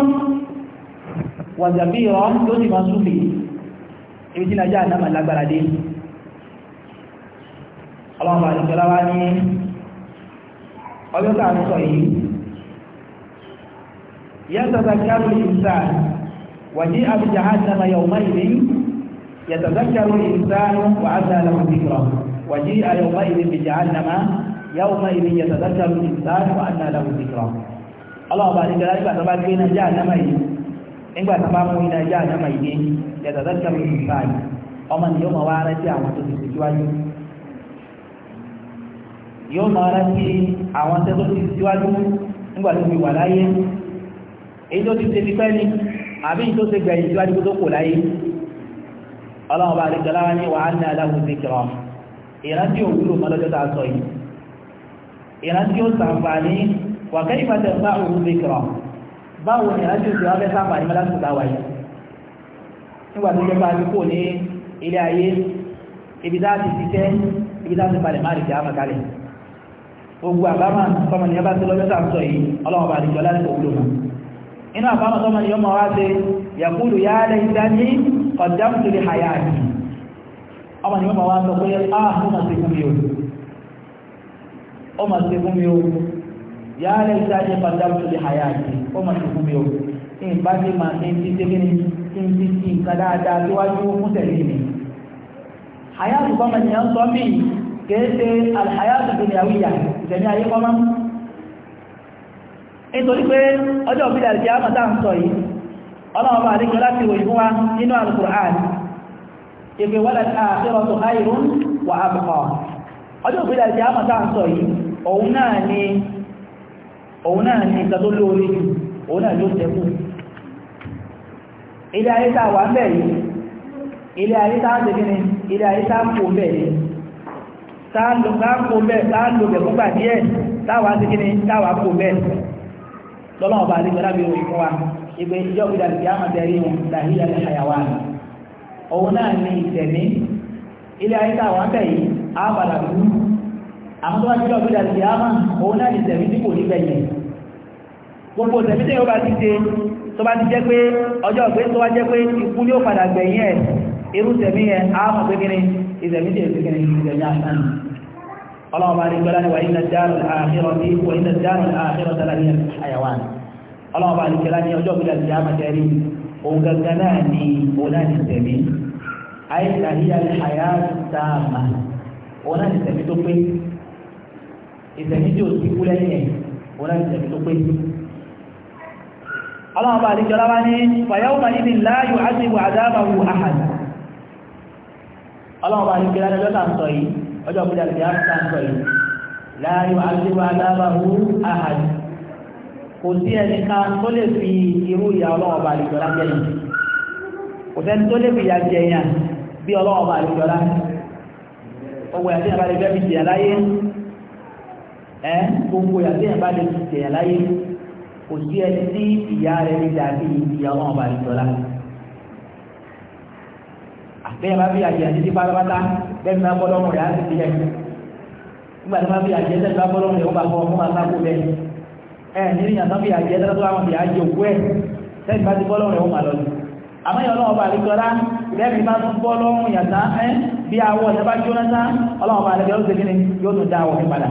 wàjàbí ọ̀ tó ti máa súnfì ibi tí nàíjà náà máa lágbára dé ọlọ́mọ àdìsọ́lá wá ní ọjọ́ tàà ń sọ yìí yẹ́sàtà kárù ìsà wàjí àbújá àdàmà yawma ìrìn yẹ́sàtà kárù ìsà wà àdàmà ìrìn wàjí àyọ̀má ìrìn bìjà àdàmà yawma ìrìn yẹ́sàtà kárù ìsà wà àdàmà ìrìn ọlọ́run bá nígbà nígbà tó na gbé na já àdámà yìí nígbà tó bá mú ọmọ ni yóò máa wá rántí àwọn tó ti ṣe síwájú yóò máa rántí àwọn tó ti ṣe síwájú nígbà tó fi wà láyé èyí tó ti ti pẹ́ ni àbí tó ṣe gbẹ̀yìn síwájú tó kò láyé ọlọ́run wà kẹ́ ìfàtẹ̀ bá òun lè kọ̀ báwo ni aláṣẹ òṣèlú abẹ́ sábà ní mọ́lá tuntun àwáyé nígbà tó jẹ́ bá ti kò ní ilé ayé ibi tá a ti ṣiṣẹ́ ibi tá a ti palẹ̀ má lè jẹ́ àmàkalẹ̀ gbogbo àbámà tọmọnì ọba tí lọ́jọ́ sáà yìí ọlọ́wọ́ àdìjọ láti òwúlò mọ́ inú àbámà tọmọnì ọmọ wá ṣe yàkúlù yá ọmọ ni ọmọ wá sọ pé ah ó mà ṣe fún mi o ó mà ṣe fún mi o yàrá rẹ̀ ìtajà pàtàkì tó lè hàyà àti ọmọ ìṣòkú mi o ìbá ní ma ní ti tẹ́lẹ̀ ní ti ti ti nǹkan dáadáa tó wájú fún tẹ̀lé mi. hayatu kọ́mọ ni à ń sọ mí kìí ṣe alhayatu dunyawiya ìtẹ̀mí ayé kọ́mọ. nítorí pé ọjọ́ òbí dàrí jẹ́ àmọ́tá ń sọ yìí ọlọ́run bá àdéjọ láti wòye fún wa nínú alukur'an ìpè wọ́lá àṣírọ̀ tó háìrún wà á bùkọ́ ọjọ́ òbí dàrí jẹ́ àmọ́tá ń sọ òun náà ní ìta tó lóore jù òun náà ló tẹ́kù ilé ayé tá wà ń bẹ̀ yìí ilé ayé tá ṣe kí ni ilé ayé tá kò bẹ̀ yìí tá lò bẹ̀ fún gbà díẹ̀ táwà ṣe kí ni táwà kò bẹ̀ lọ́lọ́wọ́ bá àwọn tó bá jùlọ bí dàbí àmà òun náà lè tẹ̀mí tí kò ní gbẹ̀yìn gbogbo tẹ̀mí tí yóò bá ti ṣe tó bá ti jẹ́ pé ọjọ́ ọ̀gbẹ́ tó wá jẹ́ pé ikú ní ó padà gbẹ̀yìn ẹ̀ irú tẹ̀mí ẹ̀ àmà pé kíni ìtẹ̀mí tí èsì kíni ìtẹ̀mí àṣánì ọlọ́run bá rí gbọ́lá ní wà ní dáàrù àṣírọ̀ bí wà ní dáàrù àṣírọ̀ ìtẹ̀mídìí òsì kú lẹ́yìn ẹ̀ wọn láti tẹ̀mí tó pé ọlọ́run bá àdíjọ́ lábá ní fàyáwùmá ibi láàyò àdìbò àdáàbàwò àhàdà ọlọ́run bá àdíjọ́ lábá lọ́ta ń sọ yìí ọjọ́ òkúta lè dáa ń sọ yìí láàyò àdìbò àdáàbàwò àhàdà kò sí ẹnìkan tó lè fi irú ìyà ọlọ́run bá àdíjọ́ lábá yìí kò sẹ́ni tó lè bí ọlọ́run bá àdíjọ́ ẹ gbogbo yàtí yẹn bá lè ti tẹ̀yàn láyé kò sí ẹni tí ìyá rẹ̀ lè dàbí ìyá ọmọ ọba ìjọla àbẹ́yẹn bá fi àjẹ́ àti pátápátá bẹ́ẹ̀ ni bọ́lọ́ ọmọ rẹ̀ á ti tẹ̀yẹ nígbà tí wọ́n fi àjẹ́ sẹ́ni bá bọ́lọ́ ọmọ rẹ̀ ó bá fọ́ ọmọ máa sáko bẹ́ẹ̀ ẹ nínú yàtọ̀ fi àjẹ́ sẹ́ni tó àwọn ìyá jẹ òkú ẹ̀ sẹ́ni bá ti bọ́lọ́ ọmọ rẹ̀ ó máa lọ àmọ́ ìyá ọlọ́wọ́ bá àlejòra lẹ́mìí bá tún bọ́ lọ́rùn yàtá ẹ́ bí awọ ọ̀sẹ̀ bá jóná sá ọlọ́wọ́ bá àlejòra ó ṣe kí yóò tún dá àwọn ní padà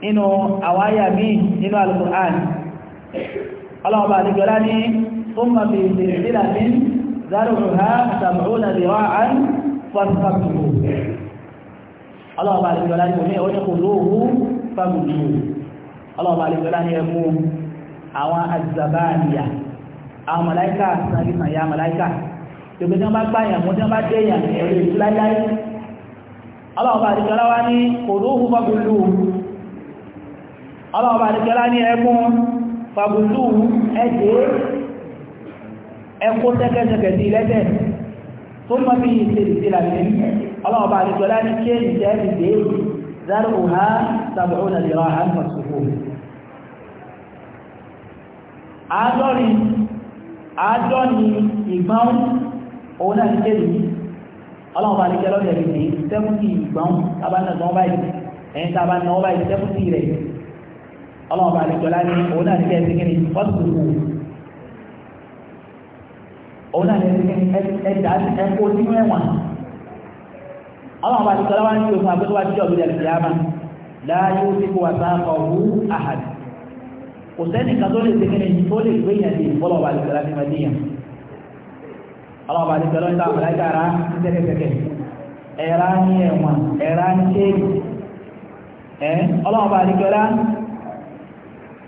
nínú àwáyà míì nínú al-Qur'an ọlọ́ọ̀bà àdíjọlá ní ọmọ bí ìsìnlẹ̀ ní zaruha sàmùrún àdíwá àn fọ́nfàkùrù ọlọ́ọ̀bà àdíjọlá ní omi ni fàmùrù ọlọ́ọ̀bà àdíjọlá ní ẹmú àwọn azabaniya Malaika màláíkà sàrísàn ya màláíkà yóò tí wọ́n bá gbáyàn mú tí wọ́n bá dẹ́yàn ẹ̀rẹ́ ìtúláyáyé ọlọ́ọ̀bà àdíjọlá wá ní ọlọ́ọ̀bá àdìkẹ́lá ní ẹkún fàbùtù ẹ̀dẹ́ ẹkún tẹ́kẹ́tẹ́kẹ́ sí ilẹ́tẹ̀ tó mọ́ bí ìsèdìdìlà ní ọlọ́ọ̀bá àdìkẹ́lá ní kéèdì tẹ́ẹ̀dìdì zaruha sab'una zira'an fasuhu àádọ́rin àádọ́rin ìgbọ́n òun náà ti kéèdì ọlọ́ọ̀bá àdìkẹ́lá ní ẹ̀dìdì tẹ́kùn sí ìgbọ́n ọlọ́run bá àlejòlá ní òun náà ní kẹ́ ẹ ti kíni fọ́sùkù òun náà ní ẹ ti kíni ẹ dà ẹ kó sínú ẹ̀wọ̀n ọlọ́run bá àlejòlá wá ní òfin àgbẹ̀tọ́ wá jíjọ́ òbílẹ̀ ìyáma láàyè ó ti kó wà sáà kọ̀ wú àhàd kò sẹ́ni kan tó lè ti kíni tó lè gbé yẹn di ọlọ́run bá àlejòlá ní madíyàn ọlọ́run bá àlejòlá ní táwọn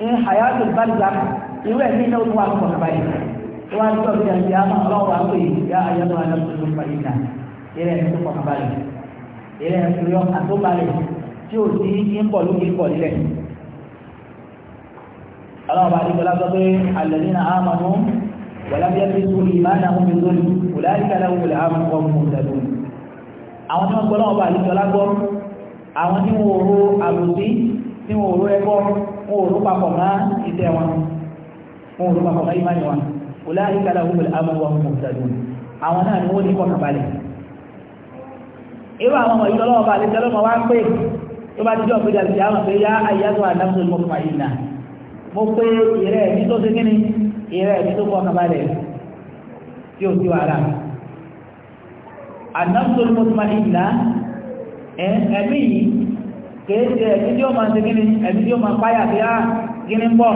ní hayatul balza irú ẹ̀ ní ìnáwó wa kọ̀ báyìí wọ́n á tọ́ bí i àmà ọlọ́run wa pé ìyá ayélujára alábùsùn báyìí náà eré ẹ̀ tó kọ̀ báyìí eré ẹ̀ tó yọ àtúbalẹ̀ tí ò sí ìpọ̀ lókè pọ̀ nílẹ̀ ọlọ́run bá dìbò lásán pé alladhina amanu wàlá bí ẹbí tó imanahum bí lórí wòlá ìkàlẹ̀ wòlá àmọ́ kọ́ mú ìdàdùn àwọn tí wọ́n tí wọn ò rú ẹgbọ́ wọn ò rú papọ̀ má ìtẹ́ wọn wọn ò rú papọ̀ má ìmáyé wọn kò láàyè kálá wọn bẹ̀rẹ̀ àwọn ọmọ ọmọ ìtàdùn àwọn náà ni wọ́n ní kọ́ kàbalẹ̀ irú àwọn ọmọ ìtọ́lọ́wọ́ bá lè tẹ́lọ́mọ wá pé tó bá ti jọ pé dàbí àwọn pé yá àyájọ́ àdámsọ ìmọ̀ fún àyè náà mo pé ìrẹ́ ẹ̀mí tó ṣe kíni ìrẹ́ ẹ̀mí tó kọ́ kàbalẹ̀ tí ó ti wàhálà àdámsọ ìmọ̀ fún àyè náà ẹ̀mí kìí ṣe ẹ̀mí tí ó máa ṣe gíní ẹ̀mí tí ó máa páyà bí á ah, gíní ń bọ̀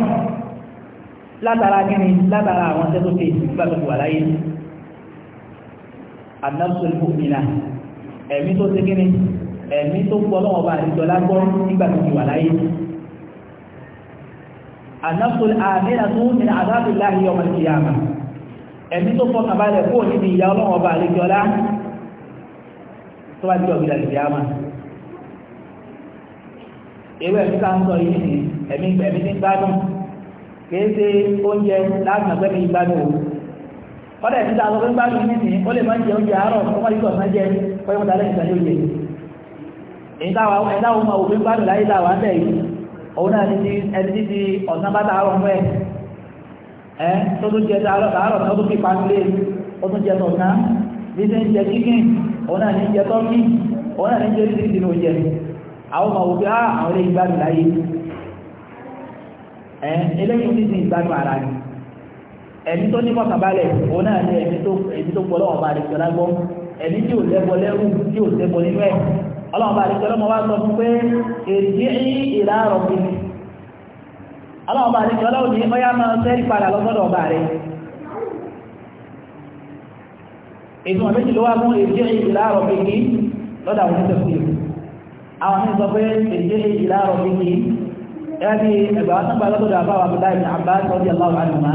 látara gíní látara àwọn tẹ́ tó ṣe nígbà tó wà láyé an-nafsul mu'mina ẹ̀mí tó ṣe gíní ẹ̀mí tó gbọ́ lọ́wọ́ bá àdìsọ lágbọ́ nígbà tó wà láyé an-nafsul aminatu min adhabillahi yawm al-qiyamah ẹ̀mí tó fọ́ kàbálẹ̀ kó níbi ìyá ọlọ́wọ́ bá àdìsọ lá tó bá jẹ́ ọ̀gbìn àdìsọ E ẹ̀mí tá ń sọ yìí ní ẹ̀mí ẹ̀mí ní gbádùn kìí ṣe oúnjẹ láàrín ọ̀gbẹ́ mi o kọ́dà ẹ̀mí sọ pé gbádùn ó lè máa ń jẹ oúnjẹ àárọ̀ jẹ gbádùn láyé ń bẹ̀ yìí òun náà ti ẹni ọ̀sán bá tààrọ̀ mọ́ tó tún jẹ tààrọ̀ tó àwọn ọmọ òbí ah, àwọn ilé ìgbádùn láyé ẹ̀ eléyìí ní ti ìgbádùn ara ni ẹni tó ní mọ̀kànbalẹ̀ òun náà ní ẹni tó gbọ́dọ̀ ọba àdìsọ́ lágbọ́ ẹni tí ò lẹ́bọ lẹ́rù tí ò sẹ́bọ nínú ẹ̀ ọlọ́ọ̀ba wá sọ fún pé èdè ọyá máa sẹ́rí padà lọ́sọ́dọ̀ ọba rẹ̀ ètò àbẹ́jì lọ́dà ní àwọn ní sọ pé èyí ìlà rọ̀ bí kí ẹbí ẹgbà wọn sọ́gbà lọ́dọ̀ àbáwà abdullahi bin abbas rọ́dí aláwọ̀ àdùnmá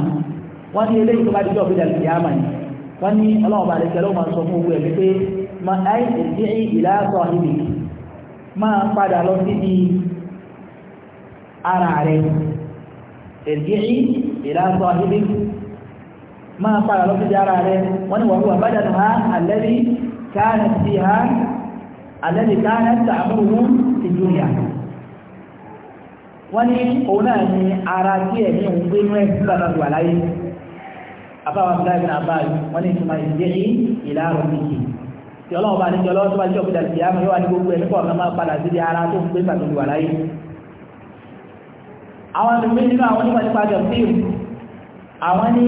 wọ́n ní máa padà lọ ara rẹ̀ èyí ìlà sọ ibi máa padà lọ síbi ara rẹ̀ ha alẹ́ni káyà tààmùrù ti dúnyà wọ́n ní òun náà ni ara tí ẹ̀ ní òun gbénú ẹ̀ sábà wà láyé afáwọn abúláyé náà báyìí wọ́n ní ìtumọ̀ ìdíyẹ́ ìlà rọ̀mìkì tí ọlọ́run bá níjọ lọ́wọ́ tó bá jẹ́ òkúta ìdí àmọ́ yóò wá ní gbogbo ẹ̀ nípa ọ̀nà máa padà sí ara tó ń gbé sábà wà láyé àwọn ọmọ ìgbésí àwọn onímọ̀ nípa jọ̀síìm àwọn ní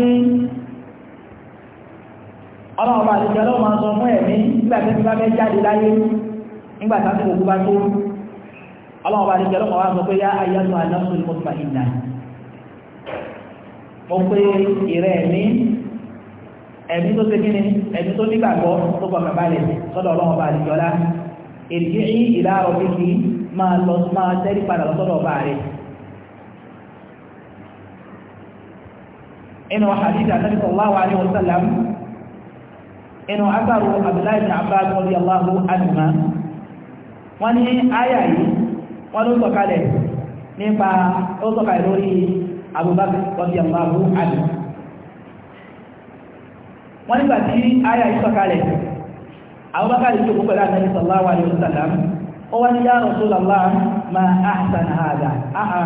ọlọ́run bá níjọ lọ́wọ́ máa sọ fún ẹ̀mí nígbà tí wọ́n bá fẹ́ jáde láyé nígbà tá a kò bá tó ọlọ́wọ́ bá ní kí ọlọ́wọ́ wá sọ pé yá ayélu anáfún mo fà ìlà mo pé ìrẹ́ ẹ̀mí ẹ̀mí tó ṣe kíni ẹ̀mí tó nígbàgbọ́ tó bọ̀ bàbá rẹ̀ sọ́dọ̀ ọlọ́wọ́ bá ní kí ọlá èrìkí ìlà ọ̀bí kì í máa الله máa tẹ́rí wọ́n ní àyà yìí wọ́n ló nípa ó lórí Abubakar àwọn wọ́n nígbà tí àyà yìí Abubakar àmì ó wá ní ma aha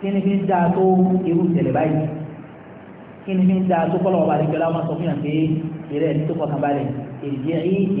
kí ni fi ń dáa tó irú ìṣẹ̀lẹ̀ báyìí kí ni fi ń dáa tó kọ́lọ̀ ọba wọn sọ fún yàn pé ìrẹ́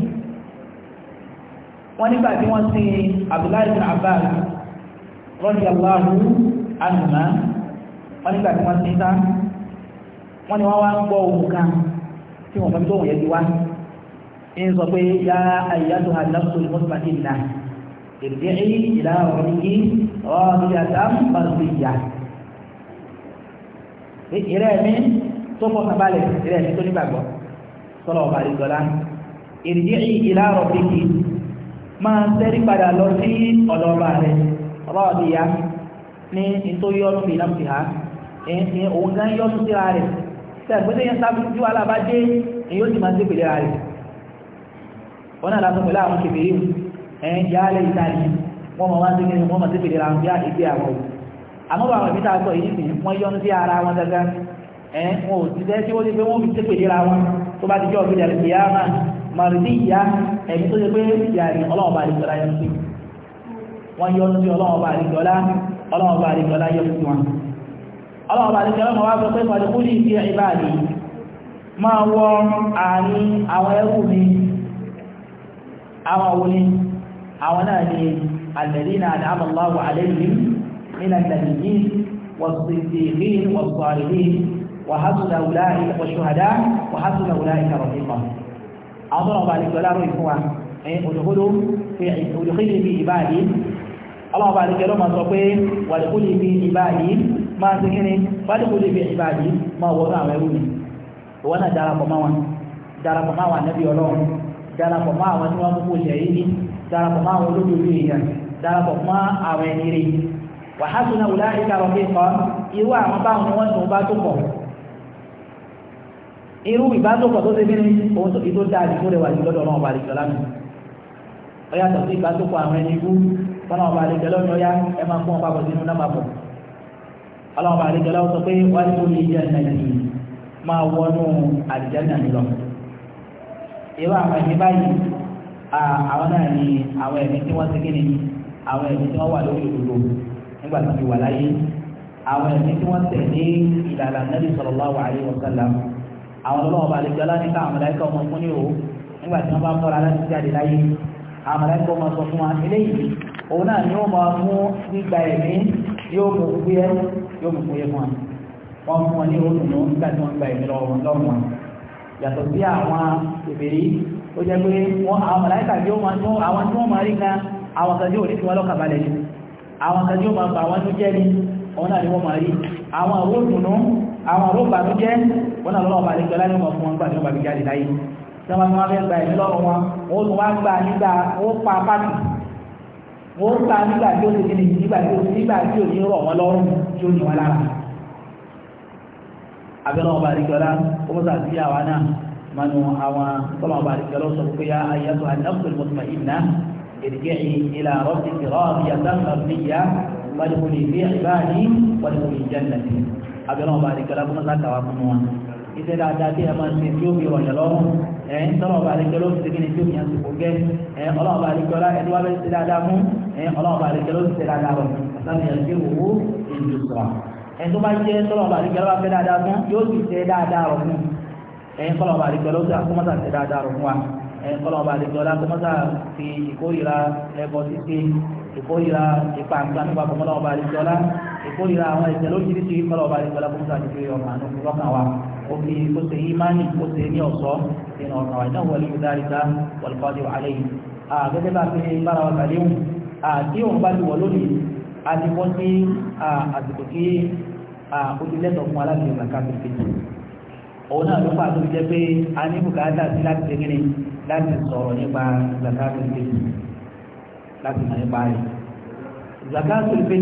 wọ́n nígbà tí wọ́n sin Abdullahi bin Abbas radiyallahu anhuma wọ́n nígbà tí wọ́n sin tán wọ́n ni wọ́n wá ń gbọ́ ohun kan tí wọ́n fẹ́ tó wọ̀nyẹ́ ti wá ń sọ pé yá àyíyájú àdáṣọ ìmọ̀tìmá ti nà èrìdẹ́rì ìlà ọ̀rọ̀dìgí ọ̀rọ̀dìyàtàm bàtìyà ìrẹ́ mi tó fọ́nà balẹ̀ ìrẹ́ mi tó nígbàgbọ́ sọ́lọ́ ọ̀bà àdìgbọ́lá èrìdẹ́rì ìlà ọ̀rọ̀dìgí máa tẹ́rí padà lọ sí ọ̀dọ̀ ọba rẹ̀ ọba ọ̀dọ̀ ìyá ní nítorí ọdún ìlà fi hà ẹ̀yìn òun gan yọ́ tún síra rẹ̀ sẹ́gbẹ́sẹ́ yẹn sábújú alábàdé èyí ó sì máa ń tẹ́pẹ̀lẹ́ ra rẹ̀ wọn náà lásán pẹ̀lú àwọn kẹfẹ́rí ẹ̀yìn ìyá alẹ́ ìtàlí wọn máa wá sí kí wọn máa tẹ́pẹ̀lẹ́ ra wọn bí àgbẹ̀ àwọn òun àmọ́ bá wọn ìbíta sọ yìí sìn wọ́n yọ́nú sí ara wọn gangan ẹ̀ wọn ò ti fẹ́ tí wọ́n ti fẹ́ wọ́n fi tẹ́pẹ̀lẹ́ ra wọn tó bá ti jọ́ ọ̀gbìn màrídìyà ẹ̀mí tó ṣe pé yàrá ọlọ́wọ́ bá àdìgbọ́lá yọ sí wọ́n yọ sí ọlọ́wọ́ bá àdìgbọ́lá ọlọ́wọ́ bá àdìgbọ́lá yọ sí wọn ọlọ́wọ́ bá àdìgbọ́lá máa wá sọ pé pàdé kúlì sí ìbáàdì máa wọ àárín àwọn ẹrú mi àwọn òní àwọn náà ni alẹ́dínà àdáàmọ̀láwọ̀ àlẹ́yìn nínú ìlànìyí wọ̀sùn ìdí وحسن أولئك والشهداء وحسن أولئك رفيقا àwọn tọ́nà ọba àlejò ọláró ìfún wa òdòkódó òdòkódó bí ìbáàdì ọlọ́wọ́ bá àlejò ọlọ́mọ sọ pé wàdìkódó bí ìbáàdì máa ti kíni wàdìkódó bí ìbáàdì máa wọ́n àwọn ẹrú mi ìwọ́n náà darapọ̀ máa wọn darapọ̀ máa wà nẹ́bí ọlọ́run darapọ̀ máa àwọn tí wọ́n mú kó ṣe yìí darapọ̀ máa àwọn olódodo èèyàn darapọ̀ máa àwọn ẹni rè wàhásùn náà wùlá ìkàrọ̀ fi kọ́ irú àwọn báwọn ni wọ́n tún bá tó pọ̀ irú ìbálòpọ̀ tó ṣe bínú ohun tóbi tó dáa ìdúró rẹ̀ wà ní lọ́dọ̀ ọlọ́run balẹ̀ ìjọba mi ó yàtọ̀ sí ìbálòpọ̀ àwọn ẹni ibú ọlọ́run balẹ̀ ìjọba mi ọ̀yá ẹ máa fún ọ papọ̀ sínú náà papọ̀ ọlọ́run balẹ̀ ìjọba sọ pé wá ní omi ìjẹ́ nàìjí máa wọnú àlìjánnà mi lọ. irú àwọn ẹni báyìí àwọn náà ni àwọn ẹni tí wọ́n ti kí ni àwọn ẹni tí wọ́n wà lórí òdodo nígbà tí wọ́n wà láyé àwọn ẹni tí wọ́n tẹ̀lé ìlànà nàbì sallallahu alaihi wasallam àwọn ọlọ́wọ́ bá lè jọlá nípa àwọn ọmọláìkọ́ ọmọ fún níhò nígbà tí wọ́n bá fọ́ra láti jáde láyé àwọn ọmọ sọ fún wa eléyìí òun náà ni ó máa mú gbígba ẹ̀mí yóò mú gbé yóò mú gbé fún wa wọ́n fún wọn ní òdùnnú nígbà tí wọ́n gba ẹ̀mí lọ́wọ́ wọn yàtọ̀ sí àwọn ìbèrè ó jẹ́ pé àwọn ọmọláìkà yóò máa tún àwọn tí wọ́n máa rí ni àwọn kan yóò máa ni òun náà ni àwọn ọ̀rọ̀ ìbànújẹ́ wọn náà lọ́wọ́ balẹ̀ jọlá ní ọmọ fún wọn gbà ní ọba bíi jáde láyé tí wọn máa fẹ́ gba ẹ̀mí lọ́rùn wọn wọn ó tún wá gba nígbà ó pa pàtì wọn ó gba nígbà tí ó ti di nígbà tí ó nígbà tí ò ní rọ̀ wọn lọ́rùn tí ó ní wọn lára abẹ́rẹ́ ọba bíi ó mọ̀ sàbí àwa náà mọ̀nù àwọn tọ́lọ̀ ọba bíi sọ pé ayẹ́tọ̀ àdáfẹ́ mọ̀tìmọ̀ ìná في عبادي وادخلي جنتي abẹ́rẹ́ ọba àdìgbẹ́lá kó mọ́sá kàwá fún wọn iṣẹ́ dáadáa tí a máa ṣe tí ó fi rọ̀yàn lọ́rùn ẹ̀ ń tọ́lọ̀ ọba àdìgbẹ́lá ó ti kí ni tí ó fi hàn sí kò gẹ́ ẹ̀ ọlọ́ọ̀ba àdìgbẹ́lá ẹni wá bẹ́ẹ̀ ṣe dáadáa fún ẹ̀ ọlọ́ọ̀ba àdìgbẹ́lá ó ti ṣe dáadáa rọ̀ láti yàn sí owó ìlú sọ̀rọ̀ ẹ̀ tó bá jẹ́ tọ́lọ̀ ọba àdìgbẹ́lá ìkórira àwọn ẹ̀ṣẹ̀ lóṣìṣì kọ́lọ̀ ọba ìgbàlá fún sáà nítorí ọmọ àánú lọ́kàn wa ó fi kó ṣe ìmánì kó ṣe ní ọ̀ṣọ́ ìnà ọ̀sán wa ìdáhùn wọlé ìdárika wọlùkọ́dé alẹ́ yìí. gẹ́gẹ́ bá a fi bára wa kàlẹ́ hùn tí òun bá ti wọ̀ lónìí a ti wọ́n sí àsìkò kí ojúlẹ́tọ̀ fún aláṣẹ ìgbà káfíń fèjì. òun náà ló pàtó jẹ́ pé a ní bùkátà sí láti ṣe kíni láti sọ̀rọ̀ nípa ìgbà káfíń láti mọ̀ nípa rẹ̀. ìgbà káfíń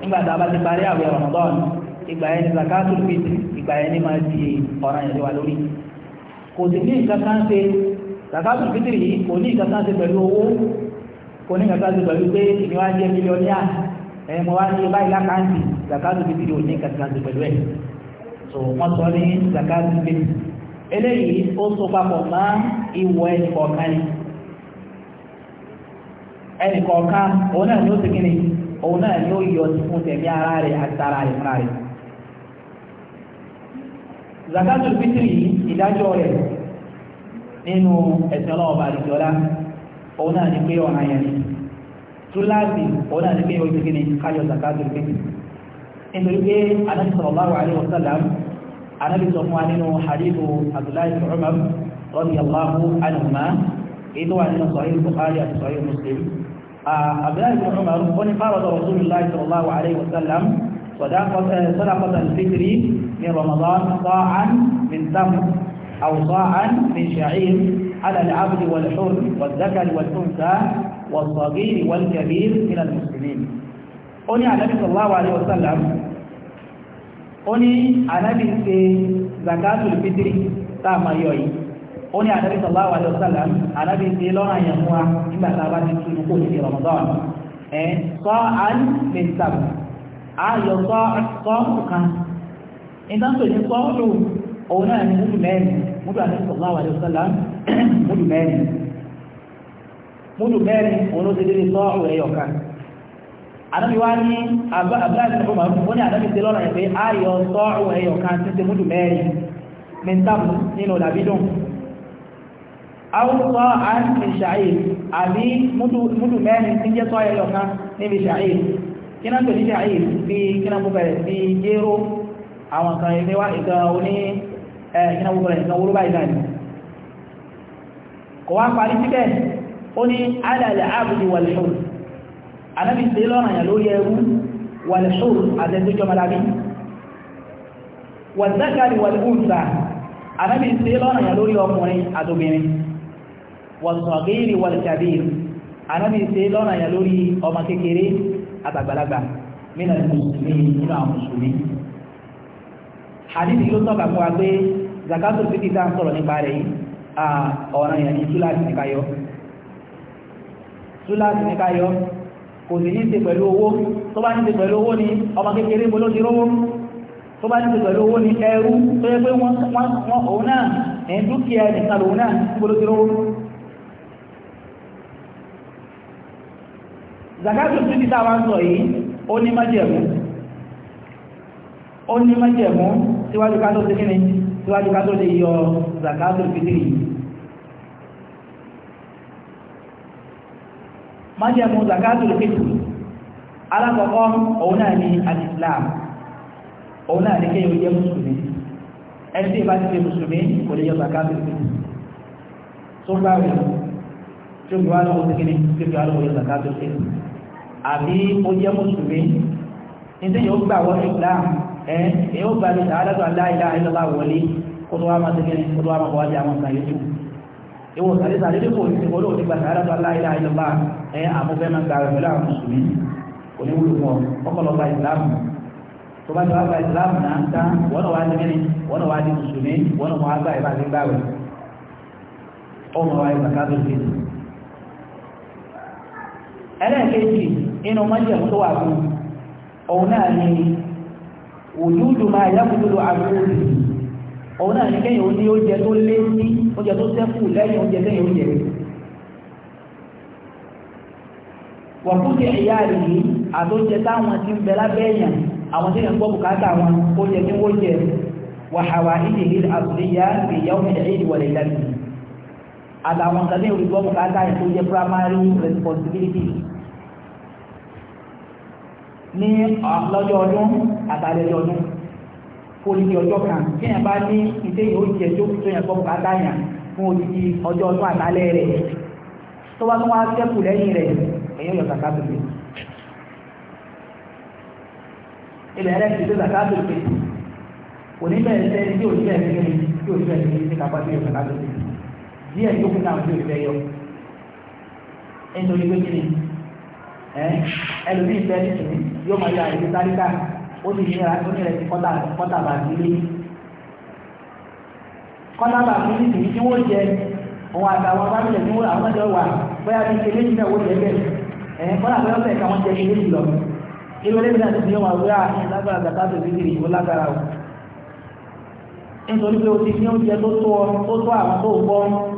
nígbà tá a bá ti parí àwẹ̀ Ramadan ìgbà yẹn ni zakatul fitr ìgbà yẹn ni máa di ọ̀ràn yẹn wà lórí kò sì ní nǹkan kan ṣe zakatul fitr yìí kò ní nǹkan kan ṣe pẹ̀lú owó kò ní nǹkan kan ṣe pẹ̀lú pé èmi wá jẹ́ mílíọ̀nìyà ẹ̀ mo wá ní báyìí lákàntì zakatul fitr ò ní nǹkan ṣe pẹ̀lú ẹ̀ so wọ́n sọ ní zakatul fitr eléyìí ó so papọ̀ mọ́ ìwọ ẹnì kọ̀ọ̀kan ẹnì kọ̀ọ̀kan òun náà ni ti kíni òun náà ni ó yọ fún tẹ̀mí ara rẹ̀ àti ara rẹ̀ fúnra rẹ̀ zakatul fitri ìdájọ́ rẹ̀ nínú ẹ̀sìn ọlọ́ọ̀bà àdìjọ́lá òun náà ni pé ọ̀nà yẹn ni túláàsì òun náà ni pé oṣù kìíní káyọ̀ zakatul fitri nítorí pé anábì sallallahu alaihi wasallam anábì sọ fún wa nínú hadithu abdullahi ibn umar radiyallahu anhuma èyí tó wà nínú sahih bukhari àti sahih muslim abdullahi bin umar ó ní fárọ̀dọ̀ rasulullah sallallahu alayhi wa sallam sadaqata al-fitri min ramadan sa'an min tamr aw sa'an min sha'ir ala al-abdi wal hur wal zakari wal unsa wal saghir wal kabir min al-muslimin ó ní anabi sallallahu alayhi wa sallam anabi ṣe zakatul fitri tá ó ní ànábì sallallahu alaihi wasallam ànábì ti lọ́nà yẹn fún wa nígbà tá a bá ti tú inú kò ní ti Ramadan ẹ sọ àn lè sàbù á yọ sọ sọ́ọ̀tù kan nígbà tó ní sọ́ọ̀tù òun náà ní múdù mẹ́rin múdù ànábì sallallahu alaihi wasallam múdù mẹ́rin múdù mẹ́rin òun ló ti dé sọ́ọ̀tù ẹ̀yọ̀ kan àwùsọ àti ṣàìr àbí múdù mẹ́rin tí jẹ́ tọ́ ẹyọ kan níbi ṣàìr kí náà pẹ̀lú ṣàìr bí kí náà búbẹ̀rẹ̀ bí jéró àwọn kan ẹgbẹ́wà ìkan oní kí náà búbẹ̀rẹ̀ ìkan wúrú báyìí láì kò wá parí síbẹ̀ ó ní alàlẹ̀ àbùdí wàlẹ̀ṣùr anábì sí lọ́nà yà lórí ẹrú wàlẹ̀ṣùr àtẹ́sójọmọlábí wàlẹ̀ṣàkàrí wàlẹ̀ṣùr wàsàgéèrè wàlìkàbíir anábì ṣe lọ́nà yà lórí ọmọ kékeré àtàgbàlagbà mínà mùsùlùmí nínú àwọn mùsùlùmí hadith ló tọ́ka fún wa pé zakato fiti tá à ń sọ̀rọ̀ nípa rẹ̀ yìí ọ̀ràn yà ní túláàsì ní káyọ́ túláàsì ní káyọ́ kò sì ní ṣe pẹ̀lú owó tó bá ní ṣe pẹ̀lú owó ni ọmọ kékeré mo ló ti rówó tó bá ní ṣe pẹ̀lú owó ni ẹrú tó yẹ pé wọ́n òun náà ẹ̀ dúkìá ẹ̀ nìkan lòun náà mo ló ti rówó zakatul fitri tàbá ń sọ yìí ó ní májẹ̀mú ó ní májẹ̀mú síwájú ká tó ti kíni síwájú ká tó lè yọ zakatul fitri yìí májẹ̀mú zakatul fitri alákọ̀ọ́kọ́ òun náà ni al-Islam òun náà ni kéyò jẹ́ mùsùlùmí ẹni tí ìbá ti fi mùsùlùmí kò lè yọ zakatul fitri tó bá rẹ̀ tí ó gbọ́ alówó ti kíni tí ó gbọ́ alówó yọ zakatul fitri àbí ó jẹ́ mùsùlùmí nítorí yóò gbà wọ́n ìgbà ẹ̀ yóò gbà ní àádọ́tọ̀ aláìlá ìlọ́lá wọlé kó tó wá máa ṣe kíni kó tó wá máa kọ́ wájú àwọn ọ̀sán yóò ìwò sàrísà lórí kò ní olóò nígbà sàáràtọ̀ aláìlá ìlọ́lá ẹ̀ àmúfẹ́ máa gbà rẹ̀ pẹ̀lú àwọn mùsùlùmí kò ní wúlò fún ọ ọkọlọgba ìsìlámù tó bá ti wá gba ìsìlámù náà ta wọ́n náà wá ní kíni wọ́n náà wá ní mùsùlùmí wọ́n náà wá gbà ìbá ẹlẹ́ẹ̀kejì inú mọ́jẹ̀mú tó wà fún òun náà ni òjúùdù máa yẹ́kùtùlù àgbóòrì òun náà ni kéyìn ní oúnjẹ tó lé ní oúnjẹ tó sẹ́kù lẹ́yìn oúnjẹ tẹ́yìn oúnjẹ wọ̀kúnjẹ ìyá rẹ̀ yìí àtóúnjẹ táwọn ti ń bẹ lábẹ́ àwọn tí wọn àtàwọn nǹkan ní olùgbọ́ bùkátà ètò jẹ́ primary responsibility ní lọ́jọ́ ọdún àtàlẹ́jọ́ ọdún polisi ọjọ́ kan tí yẹn bá ní iṣẹ́ yìí ó jẹ tó tó yẹn gbọ́ bùkátà yẹn fún odidi ọjọ́ ọdún àtàlẹ́ rẹ̀ tó bá tún wá sẹ́kù lẹ́yìn rẹ̀ èyí yọ kàkà tó fèé ilẹ̀ rẹ̀ ti tó kàkà tó fèé kò ní bẹ̀rẹ̀ sẹ́ni tí ò ní bẹ̀rẹ̀ sẹ́ni tí ò ní bẹ̀rẹ̀ sẹ́ni tí Di yóò fún àwọn tí ò fẹ́ yọ nítorí pé kí ni ẹlòmíì fẹ́ nítorí yóò máa yọ àìsí sáríkà ó sì nira ó nira sí kọ́tà kọ́tà bá kọ́tà bá wọ́n jẹ òun àtàwọn tí wọ́n àwọn wà bóyá bí ilé wọ́n jẹ bẹ́ẹ̀ kọ́tà jẹ ilé ilé náà ti fi ah, lágbára gàtà tó fi kiri lágbára o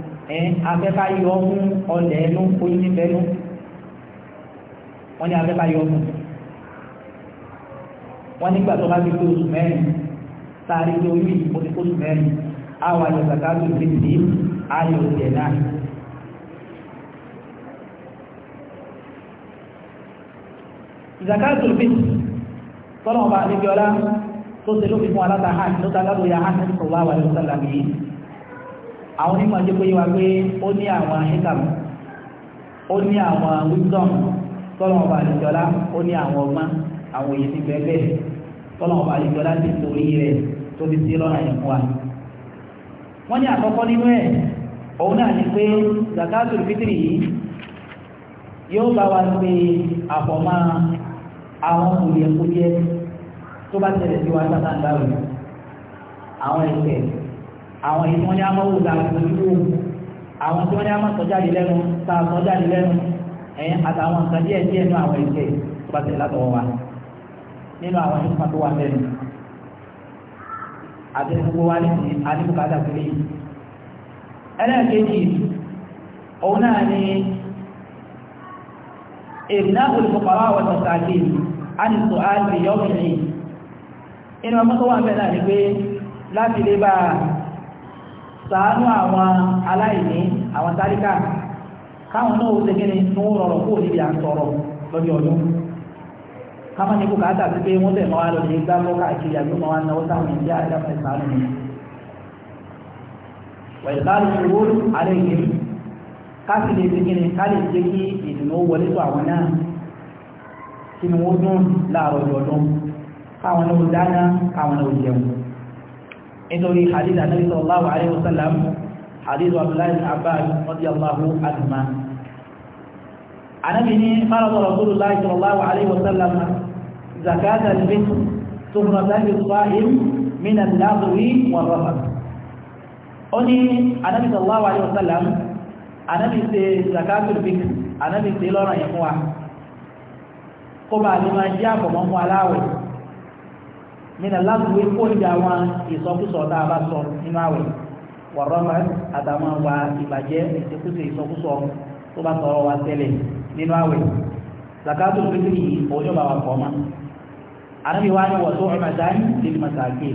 ẹ̀ afẹ́fà yọ fún ọlẹ̀ ẹnu oyún nífẹ̀ẹ́ nu wọ́n ní afẹ́fà yọ fún wọ́n nígbà tó bá fi tó oṣù mẹ́rin sáré tó yí oṣù mẹ́rin àwọn àyọ̀ sàkáàtù fìdí ayọ̀ òṣìṣẹ́ náà. ìsàkáàtù fìdí tọ́lọ́mọba àdébíọ́lá tó ṣe lófin fún aláta hàn ló ta lábòyà hàn ní sọ̀rọ̀ àwọn àyọ̀ sàlámì yìí àwọn onímọ̀ jẹ́ pé wá pé ó ní àwọn hikam ó ní àwọn wisdom tọ́lọ́wọ́n bá àlejòlá ó ní àwọn ọgbọ́n àwọn òye ti bẹ́ẹ̀ bẹ́ẹ̀ tọ́lọ́wọ́n bá àlejòlá ti torí rẹ̀ tó fi sí lọ́nà yẹn fún wa. wọ́n ní àkọ́kọ́ nínú ẹ̀ òun náà ni pé zakatul fitri yìí yóò bá wa pé àfọ̀mọ́ àwọn kùdìẹ̀kùdìẹ̀ tó bá tẹ̀lé sí wa sábà ń àwọn ẹ̀ṣẹ̀ àwọn èyí tí wọ́n ní amọ́wò ta ojú àwọn tí wọ́n ní amọ́ lẹ́nu ta lẹ́nu ẹ̀yìn àtàwọn nǹkan díẹ̀ díẹ̀ àwọn ìṣe tó bá nínú àwọn nípa tó wà lẹ́nu àti gbogbo wa yìí ẹlẹ́ẹ̀kejì òun náà ni àwọn àdìsọ àti inú ọmọ tó wà bẹ́ẹ̀ náà ni pé ṣàánú àwọn aláìní àwọn tálíkà káwọn náà ó ṣe kí ni tó ń rọrọ̀ kó níbi à ń sọ̀rọ̀ lọ́jọ́ ọdún káwọn ní kò ká tàbí pé wọ́n tẹ̀ máa lọ lè gbá bọ́ káàkiri àbí máa náwó sáwọn ìdí àdáfẹ́ ṣàánú ni wẹ̀lẹ́dáàlù ìwúrú alẹ́ ìgbìmí káàkiri lè ṣe kí ni ká lè ṣe kí ìdùnnú wọlé tó àwọn náà kí ni wọ́n dún láàárọ̀ ọdún káwọn náà ó dáná káwọn náà ó jẹun nítorí hadith anabi sallallahu alayhi wa sallam hadith abdullahi abbas radiyallahu anhuma anabi ni farada rasulullah sallallahu alayhi wa sallam zakat al-fitr tuhratan lis-sa'im min al-lagwi war-rafath ó ní anabi sallallahu alayhi wa sallam anabi ṣe zakatul fitr anabi ṣe lọ́rọ̀ yẹn fún wa kó bá lè máa jẹ́ àbọ̀mọ́ aláwẹ̀ nínú aláàbúwé kóńjà àwọn ìsọkúsọ tá a bá sọ nínú àwẹ̀ wọ̀rọ̀mọ̀ àtàwọn wa ìbàjẹ́ ìṣekúṣe ìsọkúsọ tó bá tọrọ wa tẹ́lẹ̀ nínú àwẹ̀ zakato fitri yìí òun yóò bá wa kọ́ ma ànábi wa ni wọ́n tó ọmọ dání lè mọ̀sáàkì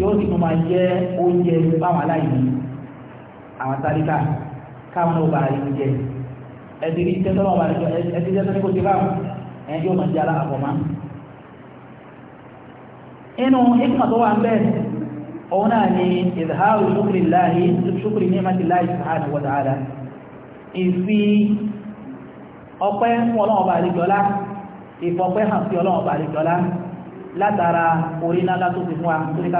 yóò sì tún máa jẹ́ oúnjẹ báwọn aláìní àwọn sáríkà káwọn náà bá rí oúnjẹ ẹ̀sìn ní tẹ́tọ́ náà bá rí oúnjẹ ẹ̀sìn tẹ́tọ́ ní kò sí inú ikma wa wà ń bẹ́ẹ̀ òun náà ni ìdáhàrù ṣúkúrì láàáyí ṣúkúrì ní mẹ́tì láàáyí sàánà wọ́n dáadáa ìfi ọpẹ́ fún ọlọ́ọ̀bà àríjọlá ìfọpẹ́ hàn sí ọlọ́ọ̀bà àríjọlá látara orí náà tó ti fún wa tó ni òun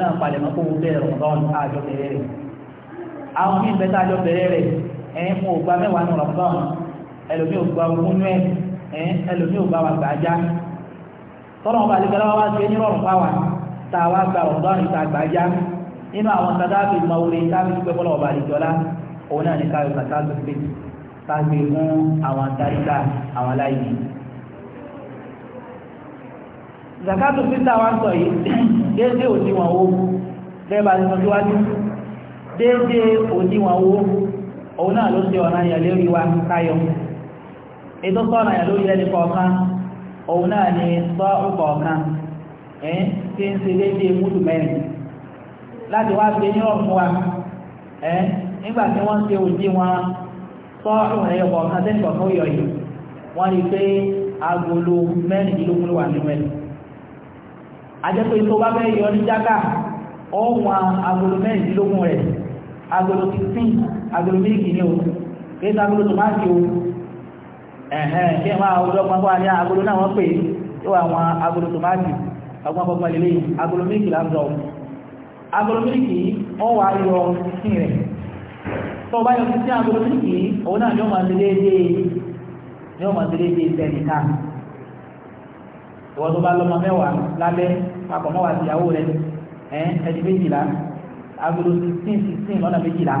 náà palẹ̀ mọ́ kóhun bẹ́ẹ̀ rọ̀mọ́dọ́n àjọ ẹlòmí ò bá wa aja. tọ́lọ̀ ọba àlekẹ́lá wa ṣe ní rọrùn fáwa tá a wá gba ọ̀dọ́ ìta gbà já nínú àwọn sàdáàbì mawulẹ̀ táàbì tó gbẹ́bọ́lọ̀ ọba àlekẹ́lá òun náà ní káyọ̀ àwọn àwọn aláìní. sọ yìí òdiwọ̀n owó bẹ́ẹ̀ bá ti sọ síwájú òdiwọ̀n owó òun náà ló ṣe ọ̀nà káyọ̀ ètò sọ́nà yà lórí ẹni kọ̀ọ̀kan òun náà ni sọ́ ọkọ̀ọ̀kan ẹ̀ tí ń ṣe déédéé múlù mẹ́rin láti wá ní wa ẹ̀ nígbà tí wọ́n ṣe òjì wọn sọ́ ọ̀rùn ẹ̀yọ̀ kọ̀ọ̀kan tẹ́lẹ̀ kọ̀ọ̀kan wọ́n agolo ẹ̀hẹ́ kí wọ́n àwùjọ pọ̀npọ̀ ní agolo náà wọ́n pè tí àwọn agolo tomati agolo miliki agolo wọ́n wà yọ sí rẹ̀ tó bá yọ sí agolo mílìkì òun náà yóò máa ti déédéé tó bá lọ́mọ mẹ́wàá lábẹ́ papọ̀ rẹ̀ ẹ̀ méjìlá agolo lọ́nà méjìlá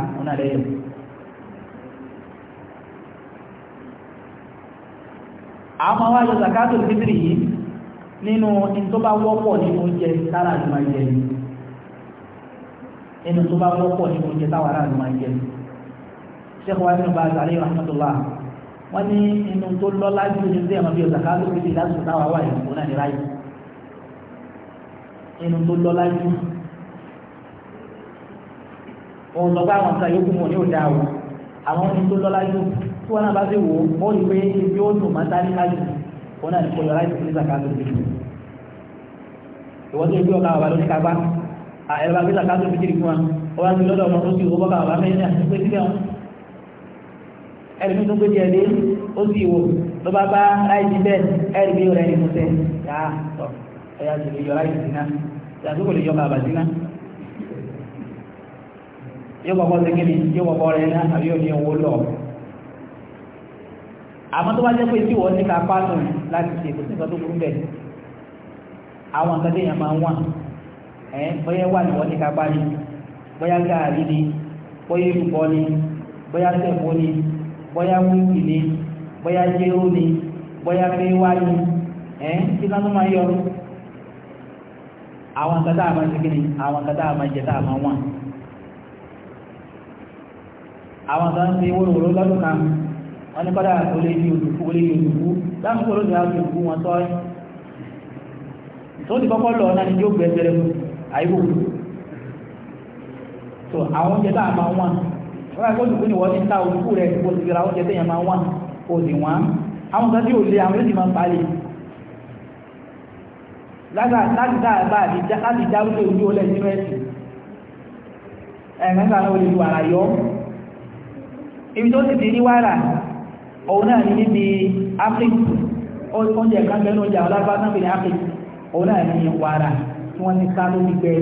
àmọ́ wáyé zakatul fitri yìí nínú in tó bá wọ́pọ̀ nínú oúnjẹ tára àti máa jẹ nínú tó bá wọ́pọ̀ nínú oúnjẹ táwa náà máa jẹ Sheikh wa nínú bàtà alayhi rahmatullah wọ́n ní inú tó lọ́lá jù ní ṣe ẹ̀mọ́ o zakatul fitri lásìkò táwa wà yìí kó náà ní ráyè inú tó lọ́lá jù òun lọ́gbà àwọn kan yókù mọ̀ ní òdà àwọn àwọn tó lọ́lá jù tí wọ́n náà bá fi wò ó rí pé ibi ó dùn máa dání láyé òun náà ní kò yọra ìfún nígbà kan tó fi jù ìwọ́n tó ń gbé ọkà bàbá lórí kagbá ẹ̀rọ bá gbéra kan tó fi jìrì fún wa ó wá ń gbé lọ́dọ̀ ọmọ tó sì wò bọ́kà bàbá mẹ́rin náà pé síbẹ̀ wọn ẹ̀rọ mi tó gbé díẹ̀ dé ó sì wò ló bá bá láì sí bẹ́ẹ̀ ẹ̀rọ mi rẹ̀ ní mọ́tẹ́ yá tọ̀ ẹ̀yà sì lè yọra ìfún náà yóò bọ̀ sí kí ni yóò bọ̀ rẹ̀ náà àbí yóò ní owó lọ́ọ̀ àmọ́ tó bá jẹ́ pé tí wọ́n ní ká pàánù láti ṣe kò sí nǹkan tó burú bẹ́ẹ̀ àwọn nǹkan tó yẹn máa ń wà ẹ bóyá wà ní wọ́n ní ká pàánù bóyá gààrí ni bóyá ìbùkọ́ ni bóyá sẹ̀fọ́ ni bóyá wíìkì ni bóyá jéró ni bóyá fẹ́wá ni ẹ kí náà tó máa yọ àwọn nǹkan tá a máa ṣe ni àwọn nǹkan tá a máa jẹ tá a máa wà àwọn nǹkan tó ń ṣe wóró lọ́dún kan. wọ́n ní kọ́dà olè ní olùkú olè ní olùkú láàmúkú olóòdì láti olùkú wọn sọ́ tó ti kọ́kọ́ lọ náà ni yóò gbẹ bẹ̀rẹ̀ àyíkò tó àwọn oúnjẹ táà máa wọ́n wọ́n bá olùkú ni wọ́n ti ta olùkú rẹ̀ kó ti ra oúnjẹ téèyàn máa wọ́n kó sì wọ́n àwọn ma tí ò lé àwọn yóò ti máa palè olè nínú ẹ̀sìn ẹ̀rẹ́gbà ibi tó ti di ní òun náà ní níbi áfíríkì oúnjẹ kan bẹ́ẹ̀ lóúnjẹ àwọn lágbá náà ní áfíríkì òun náà ní wàrà tí wọ́n ti sá lórí gbẹ